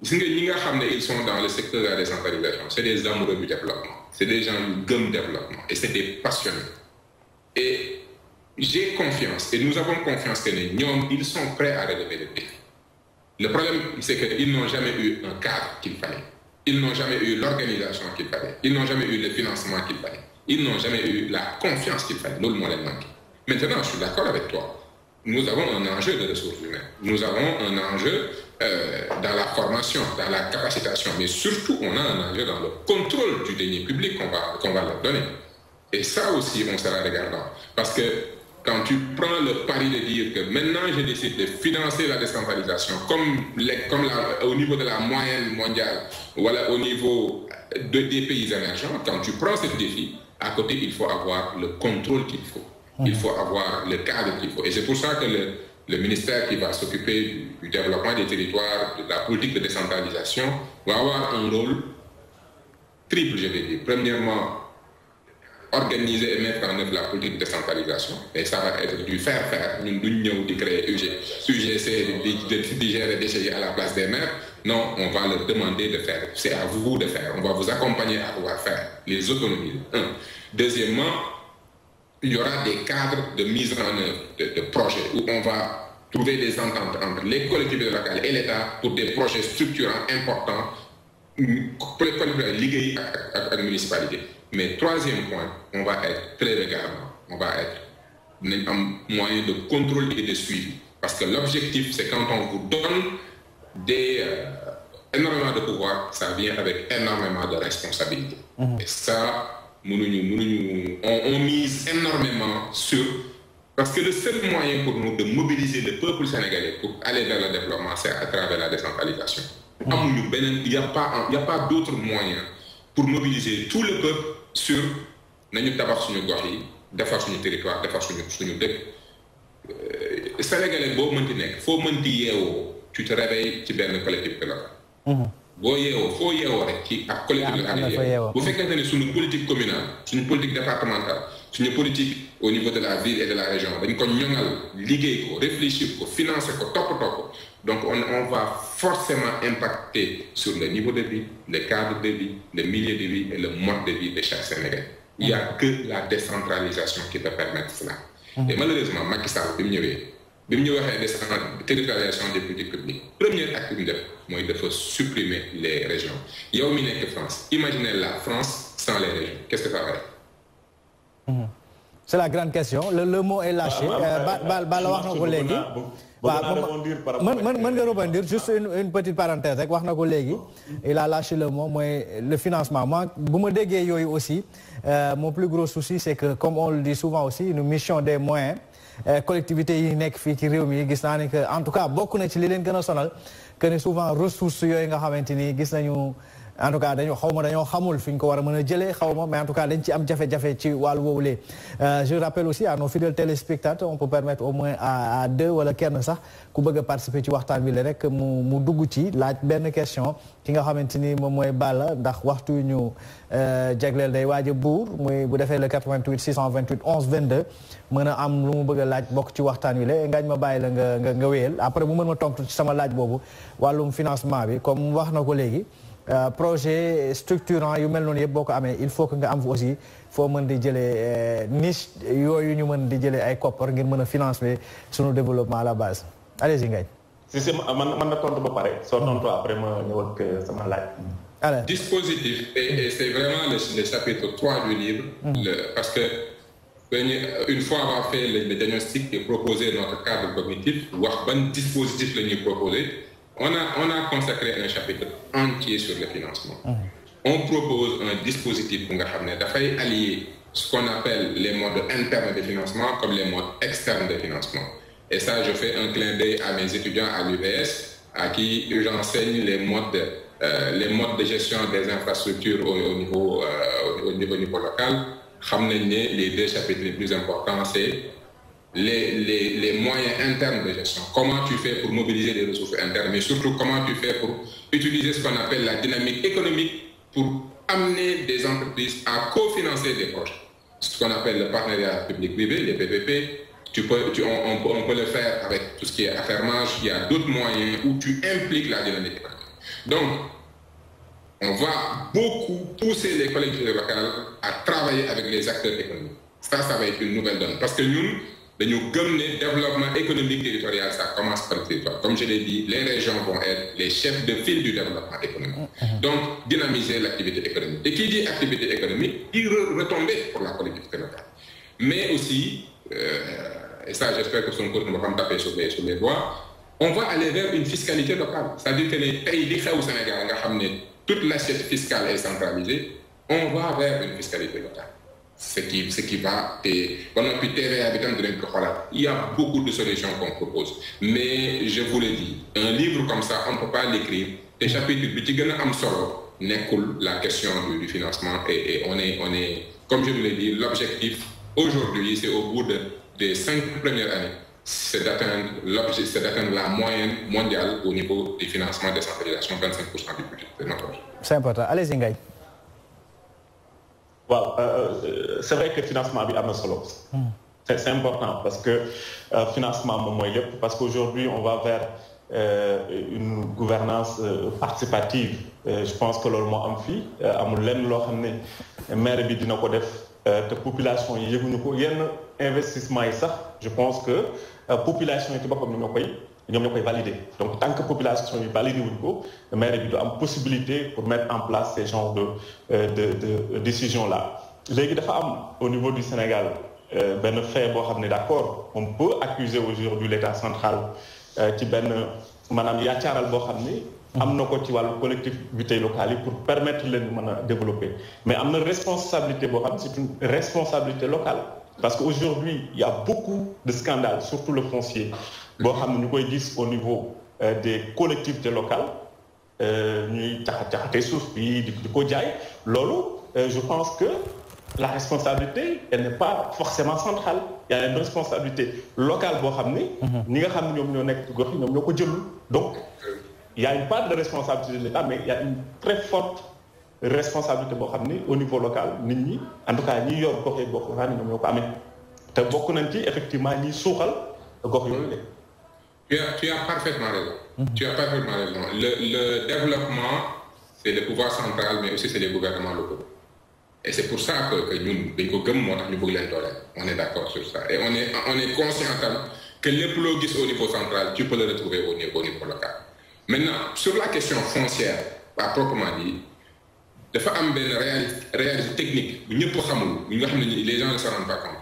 Speaker 3: Ils sont dans le secteur de la décentralisation, c'est des hommes du développement, c'est des gens qui gomme développement, et c'est des passionnés. Et j'ai confiance, et nous avons confiance que les ils sont prêts à relever le défi. Le problème, c'est qu'ils n'ont jamais eu un cadre qu'il fallait. Ils n'ont jamais eu l'organisation qu'il fallait. Ils n'ont jamais eu le financement qu'il fallait. Ils n'ont jamais eu la confiance qu'il fallait. Nous, le manqué. Maintenant, je suis d'accord avec toi. Nous avons un enjeu de ressources humaines. Nous avons un enjeu euh, dans la formation, dans la capacitation, mais surtout, on a un enjeu dans le contrôle du déni public qu'on va, qu'on va leur donner. Et ça aussi, on sera regardant. Parce que quand tu prends le pari de dire que maintenant je décide de financer la décentralisation comme, au niveau de la moyenne mondiale, voilà, au niveau de, des pays émergents, quand tu prends ce défi, à côté, il faut avoir le contrôle qu'il faut. Il faut avoir le cadre qu'il faut. Et c'est pour ça que le, ministère qui va s'occuper du, développement des territoires, de la politique de décentralisation, va avoir un rôle triple, je vais dire. Premièrement, organiser et mettre en œuvre la politique de décentralisation. Et ça va être du faire-faire. Nous, nous, de créer UG, UGC, de, digérer des à la place des maires. Non, on va leur demander de faire. C'est à vous de faire. On va vous accompagner à pouvoir faire les autonomies. Deuxièmement, il y aura des cadres de mise en œuvre de, projets où on va trouver des ententes entre les collectivités locales et l'État pour des projets structurants importants mm, pour les collectivités à la municipalité. Mais troisième point, on va être très regardant. On va être un moyen de contrôle et de suivi. Parce que l'objectif, c'est quand on vous donne des, euh, énormément de pouvoir, ça vient avec énormément de responsabilité. Mhm. Et ça, on, mise énormément sur parce que le seul moyen pour nous de mobiliser le peuple sénégalais pour aller vers le développement, c'est à travers la décentralisation. Mhm. Il n'y a pas, pas d'autre moyen pour mobiliser tout le peuple sur nañu tabax suñu gox yi defar suñu territoire defar suñu suñu dëkk euh, sénégalais boo mënti nekk foo mënti yeewoo tu te réveilles ci benn collectif bi la mhm. boo yeewoo foo yeewoo rek ci ak collectif bi
Speaker 1: nga bu
Speaker 3: fekkente ne suñu politique communale suñu politique départementale suñu politique au niveau de la ville et de la région dañ ko ñoŋal liggéey ko réfléchir ko financer ko toppatoo ko donc on, va forcément impacter sur le niveau de vie, le cadre de vie, le milieu de vie et le mode de vie de chaque Sénégalais. Il n'y a que la décentralisation qui peut permettre cela. Et malheureusement, Macky Sall, bi mu ñëwee bi la décentralisation des politiques publiques premier acte il supprimer les régions yow que France imaginez la France sans les régions qu'est-ce que ça va
Speaker 1: faire c'est la grande question le, mot est lâché waaw man man nga rebondir juste une une petite parenthèse avec wax na il a lâché le mot moi, le financement moi vous me déggee aussi, aussi euh, mon plus gros souci c'est que comme on le dit souvent aussi nous mission des moyens euh, collectivités yi nekk fii ci réew que en tout cas beaucoup de ci li leen sonal que ne souvent ressources yooyu nga xamante ni nañu en tout cas dañu xawma dañu xamul fi ñu ko war a mën a mais en tout cas dañ ci am jafé jafé ci wàllu woowulee euh, je rappelle aussi à nos fidèles téléspectateurs on peut permettre au moins à à deux wala kenn sax ku bëgg participer ci waxtaan bi la rek mu mu dugg ci laaj ben question ki nga xamanteni mom moy bala ndax waxtu ñu euh jéglél day waaj bour muy bu défé le 88 628 11 22 mëna am lu mu bëgg a laaj bokk ci waxtaan wi lé ngañ ma bayila nga nga nga après mu mëna ma ci sama laaj bobu walum financement bi comme wax na ko léegi euh, projet structurant yu mel non yeb boko amé il faut que nga am aussi fo meun di jëlee euh, niche yooyu ñu meun di jëlee ay koppar ngir meuna financer sunu développement à la base allez-y Ngagne.
Speaker 2: si c'est ah, man man na tontu ba pare soo tontu après ma ñëwal ak euh, sama laaj. alors dispositif
Speaker 3: et c'est vraiment le, le chapitre 3 du livre. Mm. Le, parce que une fois avoir fait le, le diagnostic et proposé notre cadre cognitif wax ban dispositif la ñuy proposé. On a, consacré un chapitre entier sur le financement. Mmh. On propose un dispositif pour allier ce qu'on appelle les modes internes de financement comme les modes externes de financement. Et ça, je fais un clin d'œil à mes étudiants à l'UBS, à qui j'enseigne les modes, euh, les modes de gestion des infrastructures au, euh, niveau, au, niveau, niveau local. Les deux chapitres les plus importants, c'est les, moyens internes de gestion. Comment tu fais pour mobiliser les ressources internes, mais surtout comment tu fais pour utiliser ce qu'on appelle la dynamique économique pour amener des entreprises à cofinancer des projets. Ce qu'on appelle le partenariat public-privé, les PPP, tu peux, tu, on, peut le faire avec tout ce qui est affermage, il y a d'autres moyens où tu impliques la dynamique économique. Donc, on va beaucoup pousser les collectivités locales à travailler avec les acteurs économiques. Ça, ça va être une nouvelle donne. Parce que nous, nous gommer le développement économique territorial ça commence par le territoire comme je l'ai dit les régions vont être les chefs de file du développement économique mm-hmm. donc dynamiser l'activité économique et qui dit activité économique il retombe pour la collectivité locale mais aussi euh, et ça j'espère que son côté ne va pas me taper sur les on va aller vers une fiscalité locale c'est-à-dire que les pays li Sénégal toute l'assiette fiscale est centralisée on va vers une fiscalité locale ce qui, ce qui va il y a beaucoup de solutions qu'on propose. Mais je vous l'ai dit, un livre comme ça, on ne peut pas l'écrire. Les chapitres du n'est la question du, financement et, on, est, on est, comme je vous l'ai dit, l'objectif aujourd'hui, c'est au bout de, des cinq premières années, c'est d'atteindre l'objectif, c'est d'atteindre la moyenne mondiale au niveau des financements des centralisations, 25% du budget.
Speaker 1: C'est important. Allez, Zingay
Speaker 3: waaw euh, euh, c'est vrai que le financement bi am solo.
Speaker 2: Hmm. c'est important parce que le euh, financement moom mooy parce qu'aujourd'hui on va vers une gouvernance participative je pense que loolu moo am fii amul lenn maire bi dina def te population yi yëguñu ko yenn investissement yi sax je pense que la population est ci ni donc tant que la population est validée, il y maire une possibilité pour mettre en place ces genre euh, de de de euh, décision là Les femmes au niveau du Sénégal euh, fait d'accord on peut accuser aujourd'hui l'État central qui benn maanaam yaacaaral boo locale pour permettre de développer mais am responsabilité c'est une responsabilité locale parce qu'aujourd'hui, il y a beaucoup de scandales surtout le foncier boo xam ne ñu koy gis au niveau euh, des collectivités locales euh, ñuy jaxat jaxate suuf bi di ko jaay loolu euh, je pense que la responsabilité elle n'est pas forcément centrale il y a une responsabilité locale boo xam ni mhm. ñi nga xam ne ñoom ñoo nekk gox ñoom ñoo ko jëlul donc il y a une part de responsabilité de l'État mais il y a une très forte responsabilité boo xam au niveau local nit ñi en tout cas ñi yor gox yi gox yoo xam ne ñoom ñoo ko amee
Speaker 3: te bokk nañ ci effectivement ñi suuxal gox yooyu de tu as, parfaitement raison. Mhm. Tu as parfaitement raison. Le, développement, c'est le pouvoir central, mais aussi c'est les gouvernements locaux. Et c'est pour ça que, nous, nous, on est d'accord sur ça. Et on est, on est conscient que les au niveau central, tu peux le retrouver au niveau, niveau local. Maintenant, sur la question foncière, à proprement dit, il y a une réalité, Les gens ne se rendent pas compte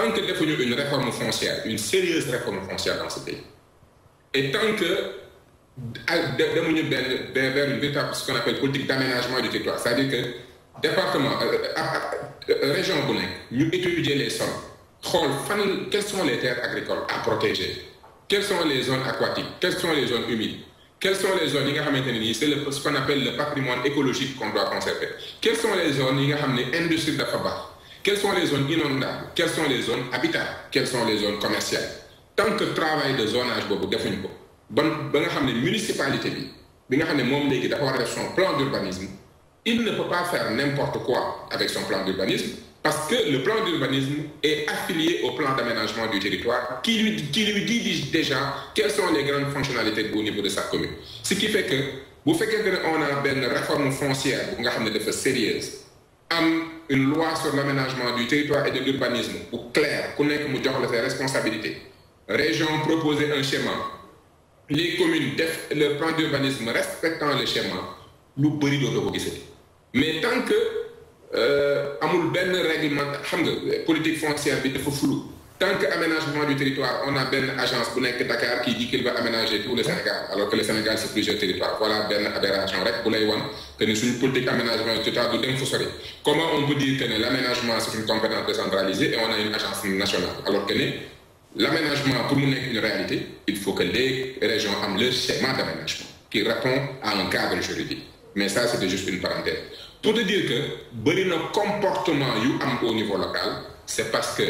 Speaker 3: tant que defuñu une réforme foncière une sérieuse réforme foncière dans ce pays et tant que nous vers ben, ben, ben, une ce qu'on appelle politique d'aménagement du territoire c'est-à-dire que département euh, euh, euh, région bu nous étudier les sols quelles sont les terres agricoles à protéger quelles sont les zones aquatiques quelles sont les zones humides quelles sont les zones yi nga c'est ce qu'on appelle le patrimoine écologique qu'on doit conserver quelles sont les zones yi nga amener l'industrie industrie dafa quelles sont les zones inondables Quelles sont les zones habitables Quelles sont les zones commerciales Tant que le travail de zonage est defuñ ko municipalité son plan d'urbanisme il ne peut pas faire n'importe quoi avec son plan d'urbanisme parce que le plan d'urbanisme est affilié au plan d'aménagement du territoire qui lui, qui dit déjà quelles sont les grandes fonctionnalités au niveau de sa commune. Ce qui fait que, vous faites qu'on a une réforme foncière, une réforme sérieuse, une loi sur l'aménagement du territoire et de l'urbanisme pour clair connaître que mu responsabilités région proposer un schéma les communes le plan d'urbanisme respectant le schéma nous de le mais tant que euh, amul ben règlement politique foncière bi Tant qu'aménagement du territoire, on a une Agence Dakar qui dit qu'il va aménager tout le Sénégal, alors que le Sénégal, c'est plusieurs territoires. Voilà Ben Aberration Rek Wan que nous sommes une politique d'aménagement du territoire Comment on peut dire que l'aménagement, c'est une compétence décentralisée et on a une agence nationale, alors que l'aménagement, pour nous, n'est une réalité, il faut que les régions aient leur schéma d'aménagement qui répond à un cadre juridique. Mais ça, c'était juste une parenthèse. Pour te dire que, le comportement au niveau local, c'est parce que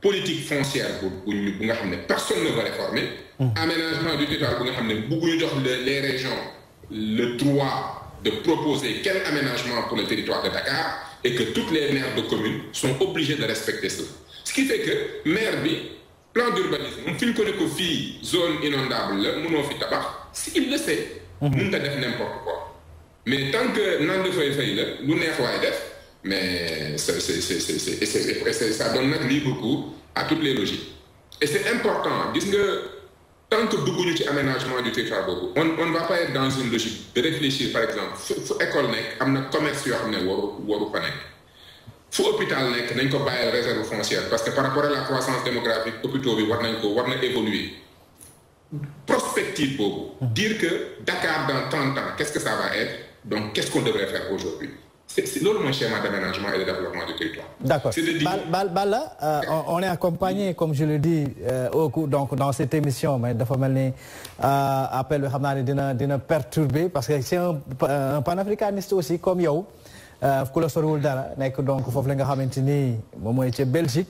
Speaker 3: politique foncière bu personne ne va réformer. Hum. aménagement du territoire bu les régions le droit de proposer quel aménagement pour le territoire de Dakar et que toutes les maires de communes sont obligées de respecter cela ce qui fait que maire plan d'urbanisme fi zone inondable la mëno fi tabax si le sait. Hum. mënut ta def n'importe quoi mais tant que nous fay fay la lu neex mais ça donne notre libre beaucoup à toutes les logiques. Et c'est important Disons que tant que beaucoup ci aménagement du territoire on ne va pas être dans une logique de réfléchir par exemple fu école nek amener commerce sur xam waru hôpital nek réserve foncière parce que par rapport à la croissance démographique hôpitaux bi évoluer prospective dire que Dakar dans 30 ans qu'est-ce que ça va être donc qu'est-ce qu'on devrait faire aujourd'hui c'est le mon schéma d'aménagement et de développement du territoire.
Speaker 1: D'accord. Bah, bah, là, euh, on, est accompagné, comme je le dis, euh, au cours, donc, dans cette émission, mais dafa mel ni euh, appel bi xam dina dina perturber parce que c'est un, un panafricaniste aussi comme yow euh, ku la soriwul dara nekk donc foofu la nga xamante ni moom Belgique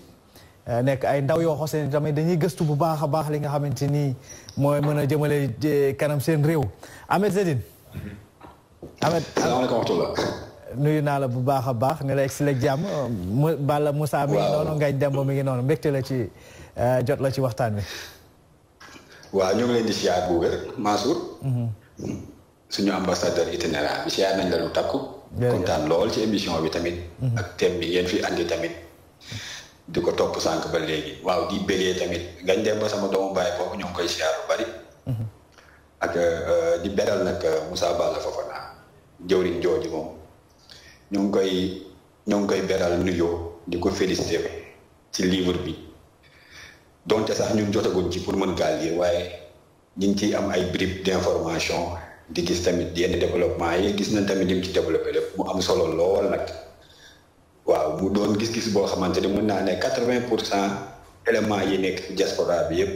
Speaker 1: nekk ay ndaw yoo xamante ni tamit dañuy gëstu bu baax a baax li nga xamante ni mooy mën eh, kanam seen réew Ahmed Zedine. Mm-hmm. Ahmed ah. nuyu na la bu baax a baax ne la egg si la jàmm mu Balla Moussa mi ngi noonu Ngagne ngi la ci euh, jot la ci ngi
Speaker 4: leen di siyaar bu wér Mansour. Mhm. suñu ambassadeur itinéraire bi siyaar nañ la lu takku. kontaan lool ci émission bi tamit. Mhm. ak thème bi ngeen fi andi tamit. di ko topp ba waaw di tamit sama doomu baay foofu ñoo koy siyaar lu bari. Mhm. ak euh, euh, di beral nag Moussa Balla Fofana jëwriñ jooju ñu ngi koy ñu ngi koy beral nuyoo di ko félicité ci livre bi donte sax ñun jotaguñ ci pour mën gaal yi waaye ñu ngi ciy am ay bribes information di gis tamit yenn développement yi gis nañ tamit lim ci développé lépp mu am solo lool nag waaw mu doon gis-gis boo xamante ni mën naa ne quatre-vingt pour cent éléments yi nekk diaspora bi yëpp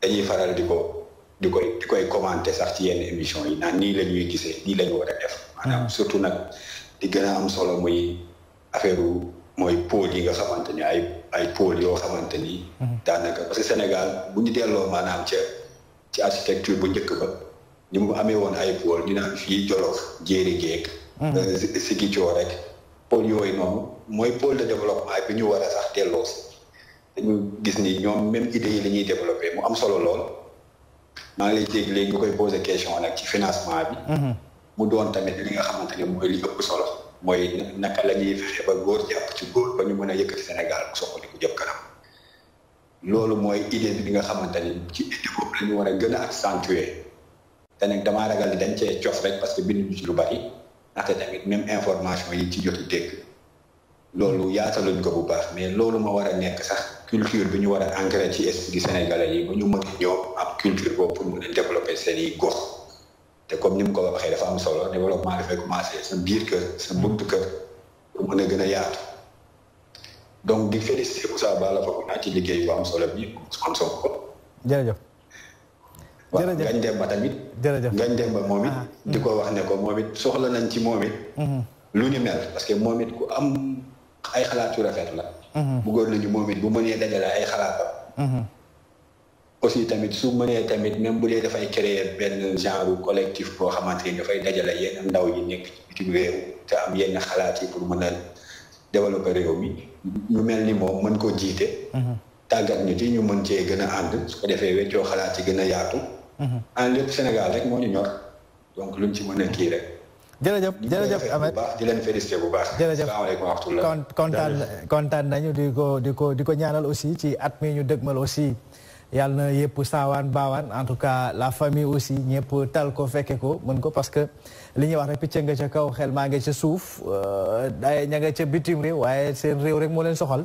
Speaker 4: dañuy faral di ko di koy di koy commenter sax ci yenn émission yi naan nii la ñuy gisee nii la ñu war a def maanaam surtout nag di gën a am solo muy affaire mooy pôle yi nga xamante ni ay ay pôle yoo xamante ni. Mhm. daanaka parce que Sénégal bu ñu delloo maanaam ca ci architecture bu njëkk ba ni mu amee woon ay pôle ñu naan fii jolo jéeri géeg. Mhm. Euh, Sigicoor rek pôle yooyu noonu mooy pôle de développement bi ñu war a sax delloo si dañu gis ni ñoom même idée yi la ñuy développé mu am solo lool maa nga lay dégg léegi koy posé question nag ci financement bi. Mhm. mu doon tamit li nga xamante ne mooy li ëpp solo mooy naka la ñuy fexe ba góor jàpp ci góor ba ñu mën a yëkkati Sénégal soxali ko jëm loolu mooy idée bi nga xamante ni ci idée boobu la war a gën a accentuer te nag damaa ragal ni dañ cee cof rek parce que binduñu ci lu bari ndaxte tamit même information yi ci jotu dégg loolu yaataluñ ko bu baax mais loolu ma war a nekk sax culture bi ñu war a ancrer ci esprit sénégalais yi ba ñu mën a ñëw am culture boobu pour mën a développer seen i gox. te comme ni mu ko waxee dafa am solo développement dafay commencer sa biir sa buntu kër pour a gën a yaatu donc di féliciter Moussa Ba la foog naa ci liggéey bu am solo bi Ousmane Sonko. jërëjëf. jërëjëf waaw Ngagne Demba tamit. jërëjëf Ngagne Demba moom it. Ah, ah. di ko wax ne ko moom it soxla nañ ci moom it. Mm-hmm. lu parce que moom it ku am ay xalaat yu rafet la. Mm-hmm. bëggoon nañu moom it bu mënee dajale ay xalaatam. Mm-hmm. aussi tamit su mënee tamit même bu dee dafay créer benn genre collectif boo xamante ni dafay dajale yenn ndaw yi nekk ci bitim réew te am yenn xalaat yi pour mën a développer réew mi ñu mel ni moom mën ko jiite mhm. tàggat ñu ci ñu mën cee gën a ànd su ko defee weccoo xalaat yi gën a yaatu mhm. en lépp Sénégal rek moo ñu ñor donc luñ ci mën a kii rek jërëjëf jërëjëf di leen félicité bu baax jërëjëf salaamaaleykum
Speaker 1: kontaan nañu di ko di ko di ko ñaanal aussi ci at mi ñu dëgmal aussi yàlla na yëpp saawaan baawaan en tout cas la famille aussi ñëpp tal ko fekke ko mën ko parce que li ñuy wax rek picc nga ca kaw xel maa nga ca suuf euh, day ña nga ca bitim réew waaye seen réew rek moo leen soxal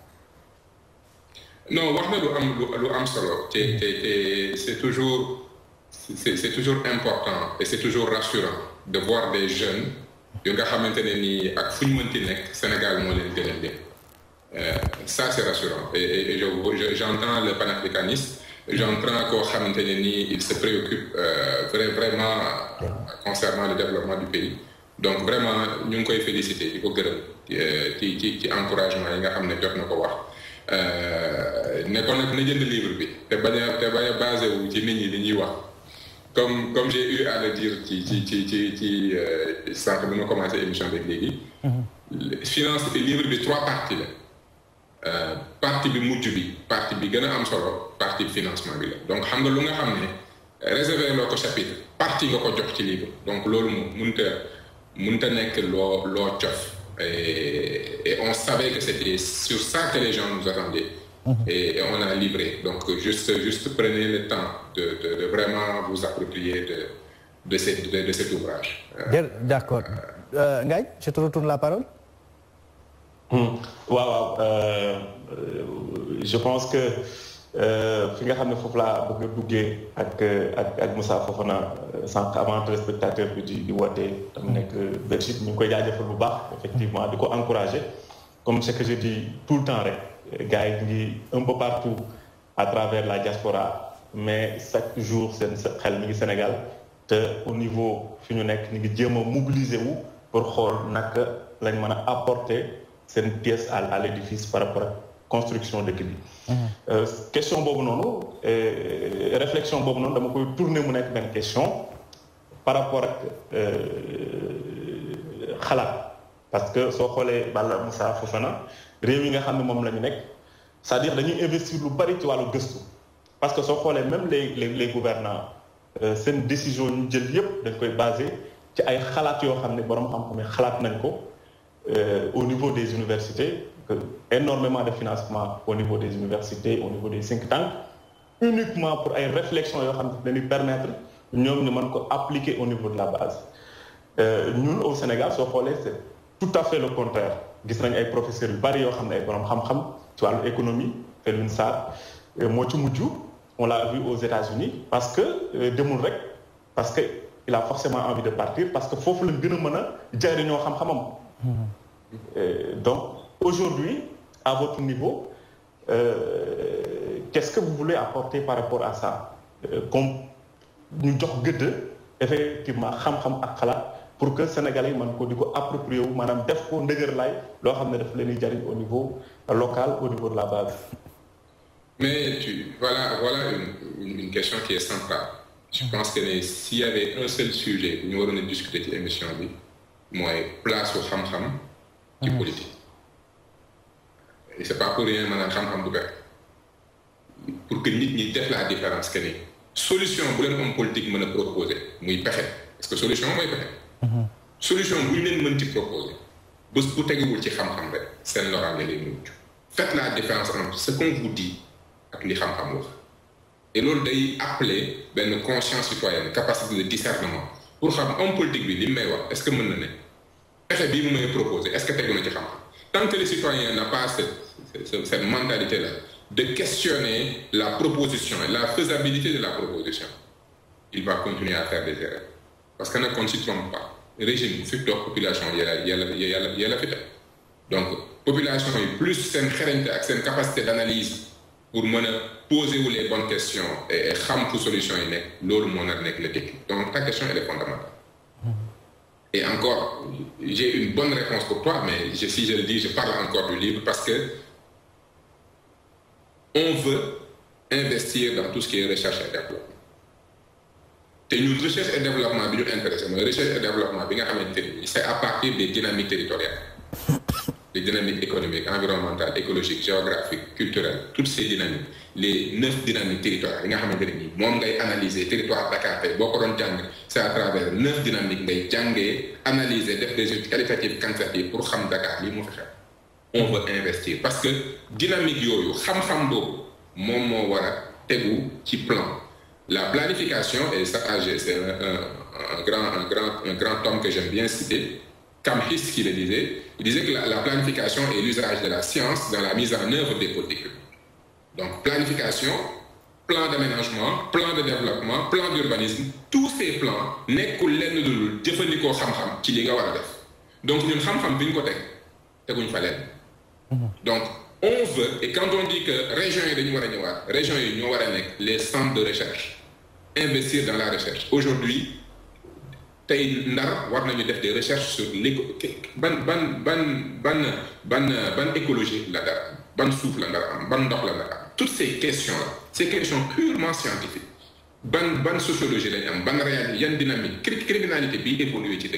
Speaker 3: non wax na c'est toujours c'est c'est toujours important et c'est toujours rassurant de voir des jeunes qui nga xamante ne nii ak fu Sénégal euh, ça c'est rassurant et et, j'entends le panafricanisme, j'entends encore il se préoccupe euh, vraiment concernant le développement du pays donc vraiment nous ngi koy féliciter di ko gërëm euh, ci ci ci encouragement yi nga euh, ne ko nag na jënd livre bi te bañ a te bañ a basé wu ci nit ñi li ñuy wax comme comme j'ai eu à le dire ci ci ci ci ci euh, sànq bi ma commencé émission bi léegi. Mm-hmm. finance livre bi trois parties la. Euh, partie bi mujj bi partie bi gën a am solo partie financement bi la donc xam nga lu nga xam ne réservé loo ko chapitre partie nga ko jox ci livre donc loolu moom mënut a mënut nekk loo loo cof. Et, on savait que c'était sur ça que les gens nous attendaient. Mhm. Et, on a livré. Donc, juste, juste prenez le temps de, vraiment vous approprier de, de, cet ouvrage.
Speaker 1: Euh, d'accord. Euh, je te retourne la parole.
Speaker 3: Hmm. Waouh. Wow, euh,
Speaker 2: je pense que euh, fi nga xam ne foofu laa bëgg a duggee ak ak ak Moussa Fofana euh, sànq avant téléspectateur bi di di woote tam nekk Belgique ñu ngi koy jaajëfal bu baax effectivement di ko encourager comme ce que je dis tout le temps rek gars yi ngi un peu partout à travers la diaspora mais chaque jour seen xel mi ngi Sénégal te au niveau fi ñu nekk ñu ngi jéem a mobiliser wu pour xool naka lañ mën a apporter seen pièce à à l'édifice par rapport construction dëkk bi. Mhm. Euh, question boobu noonu euh, réflexion boobu noonu dama koy tourner mu nekk benn question par rapport ak euh, xalaat parce que soo xoolee Bala Moussa Fofana réew yi nga xam ne moom la c'est-à-dire dañuy investir lu bari ci wàllu gëstu parce que soo xoolee même les les les gouvernants seen décision ñu jël yépp dañ koy basé ci ay xalaat yoo xam borom xam-xam xalaat nañ ko au niveau des universités énormément de financement au niveau des universités, au niveau des cinq temps, uniquement pour une réflexion de nous permettre de appliquer au niveau de la base. Euh, nous, au Sénégal, c'est tout à fait le contraire. Nous avons des professeurs qui ont l'économie, on l'a vu aux États-Unis, parce que euh, parce que il a forcément envie de partir, parce que faut le a mmh. euh, Donc Aujourd'hui, à votre niveau, euh, qu'est-ce que vous voulez apporter par rapport à ça euh, Comme nous avons effectivement xam-xam pour que sénégalais yi mën ko di approprier wu maanaam def ko au niveau local au niveau de la base.
Speaker 3: mais voilà voilà une, question qui est centrale. je pense que s'il y avait un seul sujet nous nous waroon discuter ci l'émission, bi place au xam-xam. du mmh. politique et c'est pas pour rien maintenant xam-xam du bett pour que nit ñi def la différence que ni solution bu leen homme politique mën a proposer muy Est-ce que solution mooy pexe. Mhm. solution bu ñu leen mën ci proposer bés bu teguwul ci xam-xam rek seen la lay mujj. faites la différence entre ce qu'on vous dit ak li xam-xam wax et loolu day appeler benn conscience citoyenne capacité de discernement pour xam homme politique bi li may wax est-ce que mën na ne pexe bii mu may proposer est-ce que tegu na ci xam Tant que le citoyen n'a pas cette, mentalité-là, de questionner la proposition et la faisabilité de la proposition, il va continuer à faire des erreurs. Parce qu'on ne constitue pas. Le régime, c'est la population, il y a, la fête. Donc, population, plus c'est une capacité d'analyse pour poser les bonnes questions et xam pour solution l'autre nekk le donc ta question est fondamentale et encore, j'ai une bonne réponse pour toi, mais je, si je le dis, je parle encore du livre parce que on veut investir dans tout ce qui est recherche et développement. Et recherche et développement nous recherche et développement c'est à partir des dynamiques territoriales les dynamiques économiques, environnementales, écologiques, géographiques, culturelles, toutes ces dynamiques, les neuf dynamiques territoriales, nga xamantene ni mom analyser territoire Dakar c'est à travers neuf dynamiques ngay jangé analyser des études qualitatives quantitatives pour xam Dakar li on veut investir parce que dynamique yoyu xam xam bobu mom mo wara qui plan la planification et ça c'est un, grand un grand un grand homme que j'aime bien citer Hiss qui le disait, il disait que la, planification est l'usage de la science dans la mise en œuvre des politiques. Donc planification, plan d'aménagement, plan de développement, plan d'urbanisme, tous ces plans n'est que dul de xam donc nous xam-xam côté, c'est ko teg une donc on veut et quand on dit que région et union les centres de recherche investir dans la recherche aujourd'hui tey ndar war des recherches sur l'écologie, ban ban ban ban ban ban écologie la ndar ban la ban la toutes ces questions là ces questions purement scientifiques ban ban sociologie la am ban réalité dynamique criminalité bi évolué ci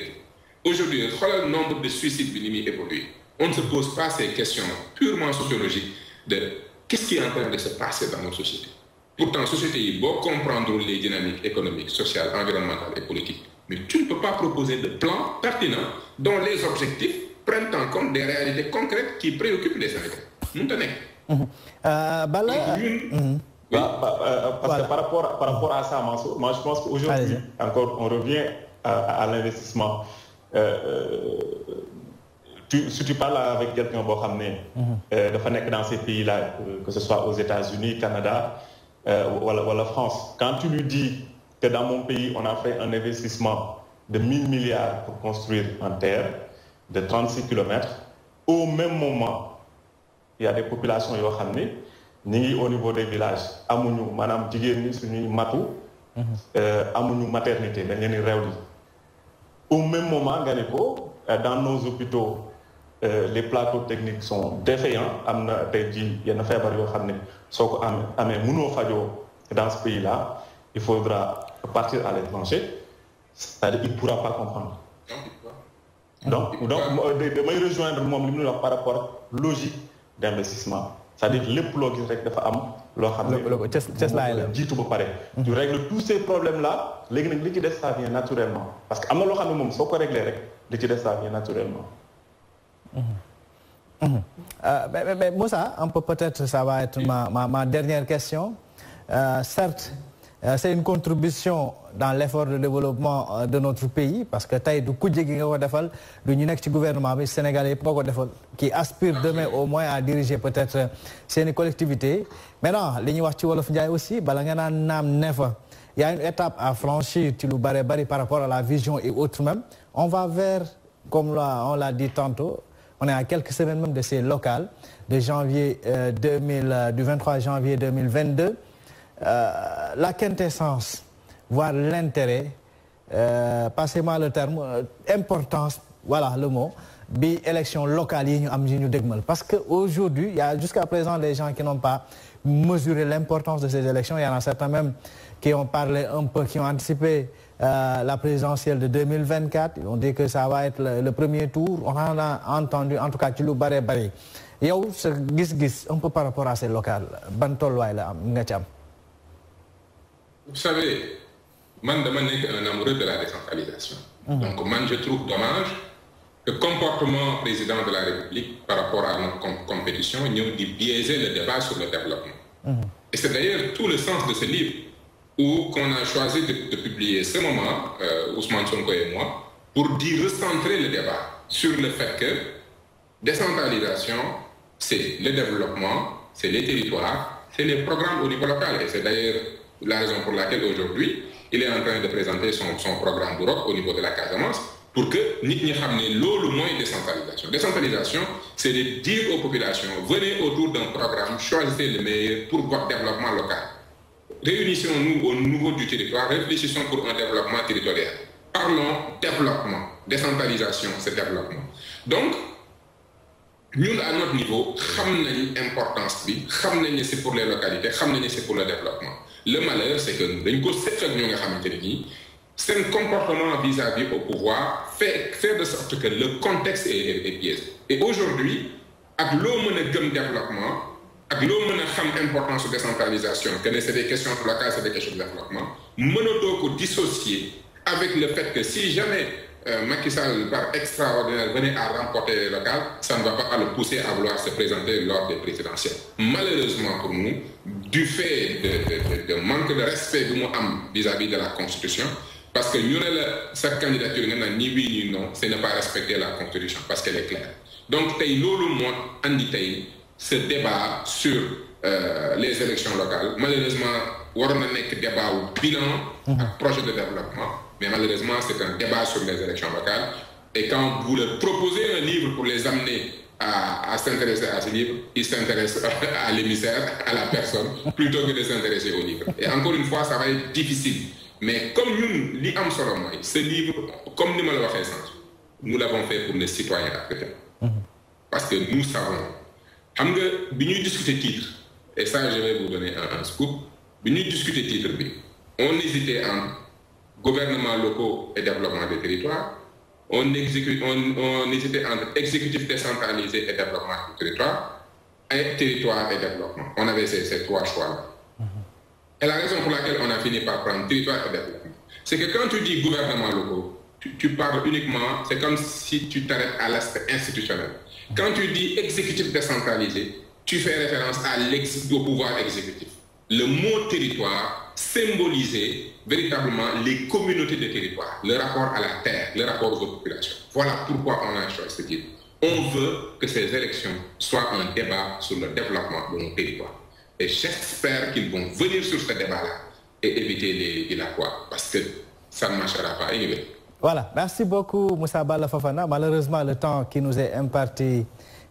Speaker 3: aujourd'hui le nombre de suicides bi ni on ne se pose pas ces questions purement sociologiques de qu'est-ce qui est en train de se passer dans notre société. pourtant société, il faut comprendre les dynamiques économiques sociales environnementales et politiques tu ne peux pas proposer de plan pertinent dont les objectifs prennent en compte des réalités concrètes qui préoccupent les Sénégalais. Nous
Speaker 2: par rapport, à ça, moi je pense qu'aujourd'hui, encore, on revient à, l'investissement. Euh, euh, si tu parles avec quelqu'un, bon, mhm. euh, de dans ces pays-là, que ce soit aux États-Unis, Canada ou, la, la France, quand tu lui dis que dans mon pays, on a fait un investissement de 1000 milliards pour construire un terre de 36 km. Au même moment, il y a des populations qui au niveau des villages. Amuñu, madame mhm. euh, maternité, Au même moment, euh, dans nos hôpitaux, euh, les plateaux techniques sont défaillants. Il y a des gens qui dans ce pays-là il faudra partir à l'étranger, c'est-à-dire qu'il ne pourra pas comprendre. Donc, donc de, me rejoindre par rapport à la par rapport logique d'investissement, c'est-à-dire que les gis rek dafa am. Mm-hmm. tu règles tous ces problèmes là les ça vient naturellement parce que nous, na loo xam ne régler, pas régler, rek li ci ça vient naturellement.
Speaker 1: Mm-hmm. Mm-hmm. Euh, mais mais Moussa peut-être ça va être ma ma dernière question euh, certes. Euh, c'est une contribution dans l'effort de développement euh, de notre pays parce que as du de nga defal du gouvernement sénégalais qui aspire demain au moins à diriger peut-être ces collectivités. maintenant li wax ci aussi bala y a une étape à franchir par rapport à la vision et autre même on va vers comme on l'a dit tantôt on est à quelques semaines même de ces locales de janvier 2000 euh, du 23 janvier 2022 euh, la quintessence, voire l'intérêt, euh, passez-moi le terme, euh, importance, voilà le mot, bi élection locale, parce qu'aujourd'hui, il y a jusqu'à présent des gens qui n'ont pas mesuré l'importance de ces élections, il y en a certains même qui ont parlé un peu, qui ont anticipé la présidentielle de 2024. ont dit que ça va être le, premier tour. On en a entendu, en tout cas, Tchilou Baré Baré. Il y a gis-gis un peu par rapport à ces locales.
Speaker 3: Vous savez, Mandama est un amoureux de la décentralisation. Mmh. Donc, moi, je trouve dommage que le comportement président de la République par rapport à notre compétition nous dit biaiser le débat sur le développement. Mmh. Et c'est d'ailleurs tout le sens de ce livre où qu'on a choisi de, publier ce moment, euh, Ousmane Sonko et moi, pour dire recentrer le débat sur le fait que décentralisation, c'est le développement, c'est les territoires, c'est les programmes au niveau local. Et c'est d'ailleurs la raison pour laquelle aujourd'hui, il est en train de présenter son, programme d'Europe au niveau de la Casamance pour que nous ñi moins le moins décentralisation décentralisation c'est de dire aux populations venez autour d'un programme choisissez le meilleur pour votre développement local réunissons-nous au niveau du territoire réfléchissons pour un développement territorial parlons développement décentralisation c'est développement donc nous, à notre niveau avons importance c'est pour les localités ramener c'est pour le développement le malheur c'est que dañ ko seq ak nga xamante comportement vis-à-vis au pouvoir fait faire de sorte que le contexte est, est biaisé et aujourd'hui avec l'homme de développement avec l'homme d'importance l'importance xam importance décentralisation que c'est des questions de la c'est des questions de développement monotone ou dissocier avec le fait que si jamais euh, Macky Sall, par extraordinaire, venait à remporter les locales, ça ne va pas le pousser à vouloir se présenter lors des présidentielles. Malheureusement pour nous, du fait de, manque de respect de vis-à-vis de la Constitution, parce que nous, sa candidature n'a ni oui ni non, c'est ne pas respecter la Constitution, parce qu'elle est claire. Donc, ce débat sur euh, les élections locales, malheureusement, on a un débat au bilan, un projet de développement. Mais malheureusement, c'est un débat sur les élections locales. Et quand vous leur proposez un livre pour les amener à, s'intéresser à ce livre, ils s'intéressent à l'émissaire, à la personne, plutôt que de s'intéresser au livre. Et encore une fois, ça va être difficile. Mais comme nous, ce livre, comme nous l'avons fait, nous l'avons fait pour les citoyens africains. Parce que nous savons. Nous discuter titre, et ça, je vais vous donner un, scoop. Nous discuter titre, on hésitait à gouvernement locaux et développement des territoires. On, exécute, on, entre exécutif décentralisé et développement du territoire et territoire et développement. On avait ces, trois choix-là. Et la raison pour laquelle on a fini par prendre territoire et développement, c'est que quand tu dis gouvernement locaux, tu, parles uniquement, c'est comme si tu t'arrêtes à l'aspect institutionnel. Quand tu dis exécutif décentralisé, tu fais référence à au pouvoir exécutif le mot territoire symbolisait véritablement les communautés de territoire, le rapport à la terre, le rapport aux populations. Voilà pourquoi on a choisi ce titre. On veut que ces élections soient un débat sur le développement de nos territoires. Et j'espère qu'ils vont venir sur ce débat-là et éviter les laqua. parce que ça ne marchera pas.
Speaker 1: Voilà, merci beaucoup Moussa Bala Malheureusement, le temps qui nous est imparti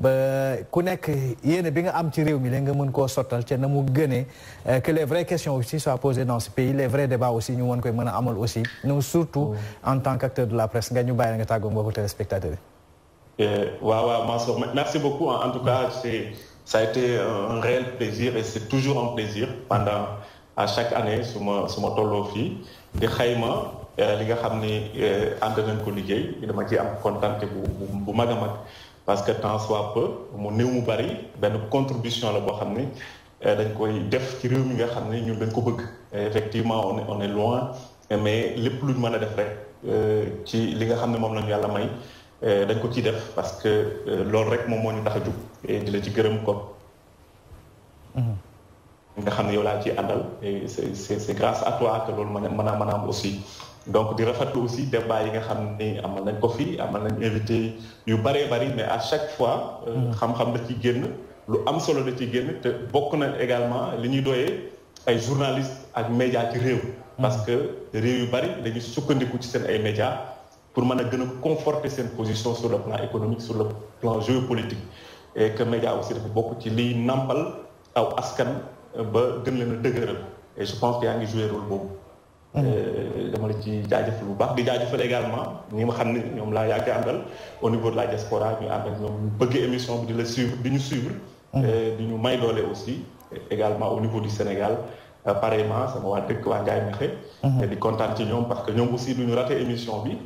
Speaker 1: ba ku nekk yéene bi nga am ci réew mi la nga mën koo sottal te na mu euh, que les vraies questions aussi soient posées dans ce pays les vrais débats aussi ñu mën koy mën a amal aussi nous surtout oh. en tant qu'acteur de la presse nga ñu bàyyi la nga tàggoo mbokku téléspectateurs
Speaker 2: yi euh, waaw waaw Mansour merci beaucoup hein. en tout cas mm. c'est ça a été un réel plaisir et c'est toujours un plaisir pendant à chaque année su ma su ma tolloo fii di xayma euh, li nga xam ni ànd nañ ko liggéey dama ci am kontaan bu bu mag a parce que tant soit peu mu néew mu bari benn contribution la boo xam ni euh, dañ koy def ci réew mi nga xam ne ñun dañ ko bëgg effectivement on est on est loin mais lépp luñ mën a def rek euh, ci li nga xam ne moom lañu yàlla may euh, dañ ko ci def parce que loolu rek moom moo ñu tax a jug di la ci gërëm ko mm-hmm. nga xam ne yow laa ci àndal et c'est c'est grâce à toi que loolu mën a mën a am aussi donc di rafetlu aussi débat yi nga xam ni amal nañ ko fi amal nañ invité yu bëree bari mais à chaque fois. Euh, mm. xam-xam da ci génn lu am solo da ci génn te bokk na également li ñuy doyee ay journalistes ak médias ci réew. Mm. parce que réew yu bari dañuy sukkandiku ci seen ay médias pour mën a gën a conforter seen position sur le plan économique sur le plan géopolitique et que média aussi dafa bokk ci liy nampal aw askan euh, ba gën leen a dëgëral et je pense que yaa ngi joué rôle boobu. Euh, dama la ci jaajëfal bu baax di jaajëfal également ñi ma xam ne ñoom laa yàgg àndal au niveau de la diaspora ñu ànd ak ñoom bëgg émission bi di la suivre di ñu suivre. Mm. Euh, di ñu may doole aussi également au niveau du Sénégal pareillement sama waa dëkk waa Ngaye Mekhe. Mm-hmm. di kontaan ci ñoom parce que ñoom aussi du ñu raté émission bi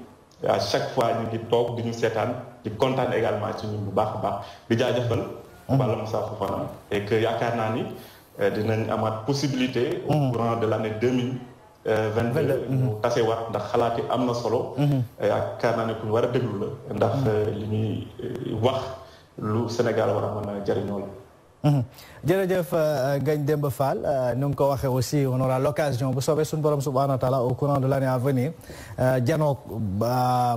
Speaker 2: à chaque fois ñu ngi toog di ñu seetaan di kontaan également ci ñun bu baax a baax di jaajëfal. Mm-hmm. Balla Moussa Fofana et que yaakaar naa ni euh, dinañ amaat possibilité. au mm-hmm. courant de l' année 2000. 22 mu mhm. tasewaat ndax xalaat yi am na solo mhm. yaakaar naa ne ku ñu war a déglu la mhm. ndax euh, li ñuy euh, wax lu Sénégal war a mën a jëriñoo la
Speaker 1: jërëjëf euh, Ngagne Demba Fall ni nga ko waxee aussi on aura bu soobee suñ borom subhanahu wa taala au courant de l'année à venir janook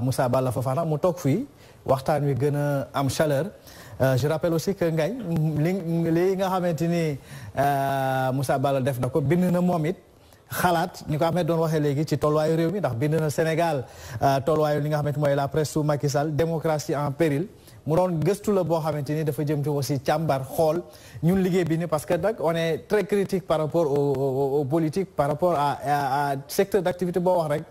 Speaker 1: Moussa Balla Fofana mu toog fii waxtaan wi gën a am chaleur je rappelle aussi que Ngagne li li nga xamante ni musaa Balla def na ko bind na moom it xalaat ñu ko xamee doon waxee léegi ci tolluwaayu réew mi ndax bind na Sénégal euh, tolluwaayu li nga xamante mooy la presse sous Macky Sall démocratie en péril mu doon gëstu la boo xamante ni dafa jëm ci aussi càmbar xool ñun liggéey bi ni parce que nag on est très critique par rapport au politique par rapport à secteur d' boo wax rek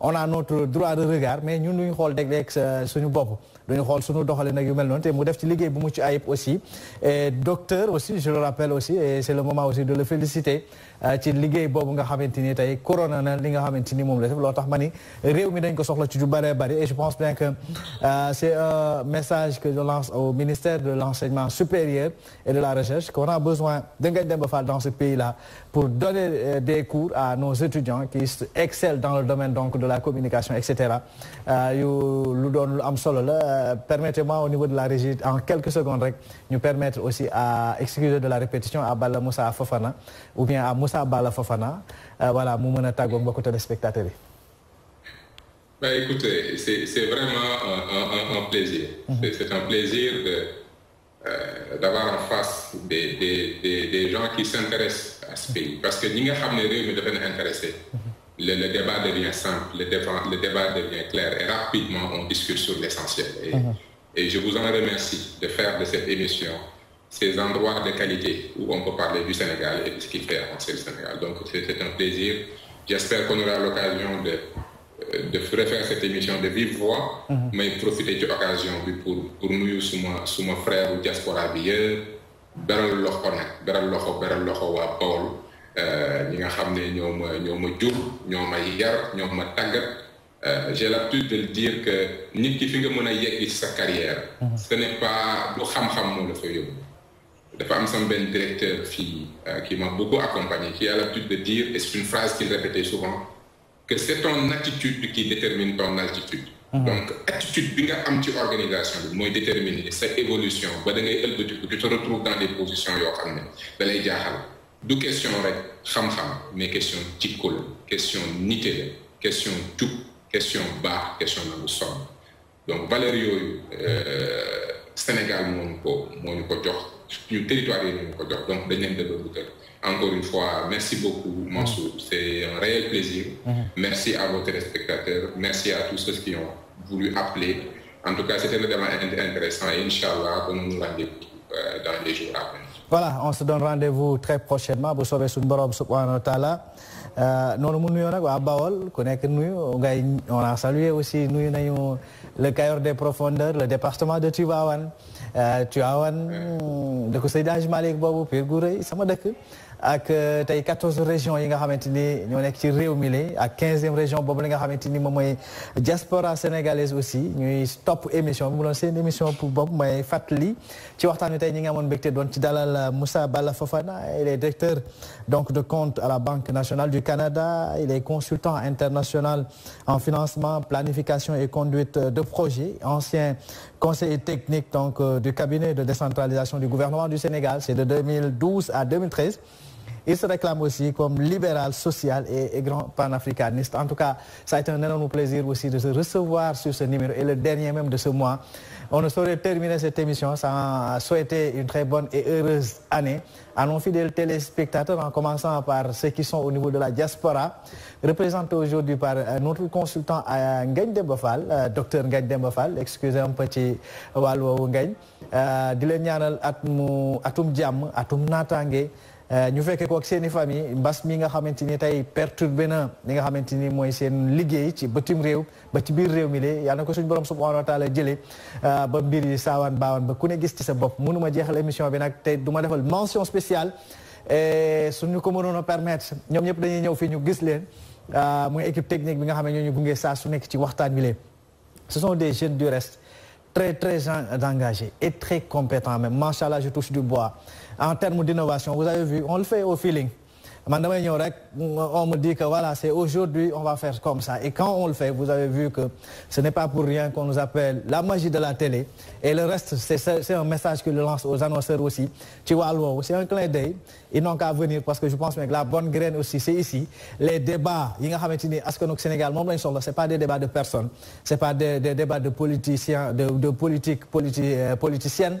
Speaker 1: on a notre droit de regard mais ñun duñu xool dégleeg suñu bopp duñu xool sunu doxalin ak yu mel noonu te mu def ci liggéey bu ci ayib aussi et docteur aussi je le rappelle aussi et c'est le moment aussi de le féliciter euh, ci liggéey boobu nga xamante ni tey corona na li nga xamante ni la def loo tax ma ni réew mi dañ ko soxla ci du bëree bëri et je pense bien que euh, c'est un message que je lance au ministère de l'enseignement supérieur et de la recherche qu'on a besoin de Ngagne Demba Fall dans ce pays-là pour donner euh, des cours à nos étudiants qui excellent dans le domaine donc de la communication et cetera yu lu doon lu am solo la euh, permettez-moi au niveau de la régie, en quelques secondes, de nous permettre aussi à excuser de la répétition à Bala Moussa Fofana ou bien à Moussa Bala Fofana. Euh, voilà, nous avons beaucoup de spectateurs.
Speaker 3: Bah, écoutez, c'est vraiment un, plaisir. Mhm. C'est un plaisir euh, d'avoir en face des, gens qui s'intéressent à ce pays. Parce que nous sommes intéressés le, débat devient simple, le débat, devient clair et rapidement on discute sur l'essentiel. Mhm. Et, je vous en remercie de faire de cette émission ces endroits de qualité où on peut parler du Sénégal et de ce qu'il fait en Sénégal. Donc c'était un plaisir. J'espère qu'on aura l'occasion de euh, refaire cette émission de vive voix, mhm. mais profiter de l'occasion pour, pour nous, sous mon, frère ou diaspora,
Speaker 1: beral loxo nak beral loxo beral
Speaker 3: euh, ñi nga xam ne ñoo ma ñoo ma jur ñoo ma yar ñoo ma tàggat euh, j'ai l'habitude de dire que nit ki fi nga mën a yegg sa carrière mhm. ce n'est pas du xam-xam moo la fa yóbbu dafa am sama benn directeur fii euh, qui m'a beaucoup accompagné qui a l'habitude de dire et c'est une phrase qu'il répétait souvent que c'est ton attitude qui détermine ton attitude. Mhm. donc attitude bi nga am ci organisation bi mooy déterminer sa évolution ba da ngay tu te retrouves dans des positions yoo xam ne da lay jaaxal D'où question rek xam-xam mais question jikko questions « question questions « questions question jub question dans question nangu donc Valérie, euh Sénégal mon ko moo le territoire yi ko jox donc dañ leen développé encore une fois merci beaucoup Mansou, mm-hmm. c'est un réel plaisir. Mm-hmm. merci à vos téléspectateurs merci à tous ceux qui ont voulu appeler en tout cas c'était vraiment intéressant et Inch'Allah nous rendez euh, dans
Speaker 1: les jours à venir voilà on se donne rendez-vous très prochainement Bonsoir, soobee suñu borom subhanahu wa taala euh, Nous mu nuyoo nag on a salué aussi nuyu le cœur des profondeurs le département de Tivaouane euh, Tivaouane De Seydi Hadji Malick bobo, Pire Gouray sama ak 14 euh, régions yi nga xamante ni la 15e région est la diaspora sénégalaise aussi ñuy top émission nous avons une émission pour Bob may Fatli, ci Moussa Fofana il est directeur donc de compte à la Banque nationale du Canada il est consultant international en financement planification et conduite de projets. ancien conseiller technique donc euh, du cabinet de décentralisation du gouvernement du Sénégal c'est de 2012 à 2013 il se réclame aussi comme libéral, social et, grand panafricaniste. En tout cas, ça a été un énorme plaisir aussi de se recevoir sur ce numéro et le dernier même de ce mois. On ne saurait terminer cette émission sans souhaiter une très bonne et heureuse année à nos fidèles téléspectateurs, en commençant par ceux qui sont au niveau de la diaspora, représentés aujourd'hui par euh, notre consultant euh, Ngagne Dembofal, euh, docteur Ngaï Dembofal, excusez un petit walou woowu atum Diam, atum Natangé, ñu fekkee ko ak seen i famille mbas mi nga xamante ni tey perturbé na li nga xamante ni mooy seen liggéey ci bëtim réew ba ci biir réew mi lee yal na ko suñu borom subhanahu wa taala jëlee euh, ba mbir yi saawaan baawaan ba ku ne gis ci sa bopp mënu ma jeexal émission bi nag tey du ma mention spéciale suñu ko on a permettre ñoom ñëpp dañuy ñëw fii ñu gis leen euh, muy équipe technique bi nga xam ne ñoo ñu gunge saa su nekk ci waxtaan wi lee ce sont des jeunes du reste très très engagés et très compétents même macha allah je touche du bois en termes d'innovation. Vous avez vu, on le fait au feeling. On me dit que voilà, c'est aujourd'hui, on va faire comme ça. Et quand on le fait, vous avez vu que ce n'est pas pour rien qu'on nous appelle la magie de la télé. Et le reste, c'est un message que je lance aux annonceurs aussi. Tu vois, c'est un clin d'œil. Ils n'ont qu'à venir parce que je pense que la bonne graine aussi, c'est ici. Les débats, au Sénégal, ce pas des débats de personnes. Ce pas des, débats de politiciens, de, politiques euh, politiciennes.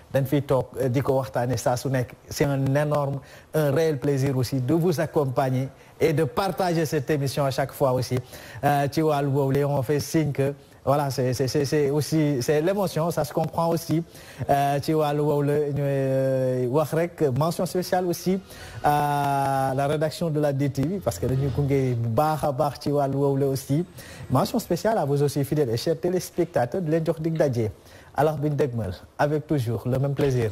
Speaker 1: Euh, c'est un énorme un réel plaisir aussi de vous accompagner et de partager cette émission à chaque fois aussi euh, on fait signe que voilà c'est aussi c'est l'émotion ça se comprend aussi euh, mention spéciale aussi à la rédaction de la DTV parce que nous, gunge bu baax a aussi mention spéciale à vous aussi fidèles et chers téléspectateurs de leen jox alors, Bin avec toujours le même plaisir.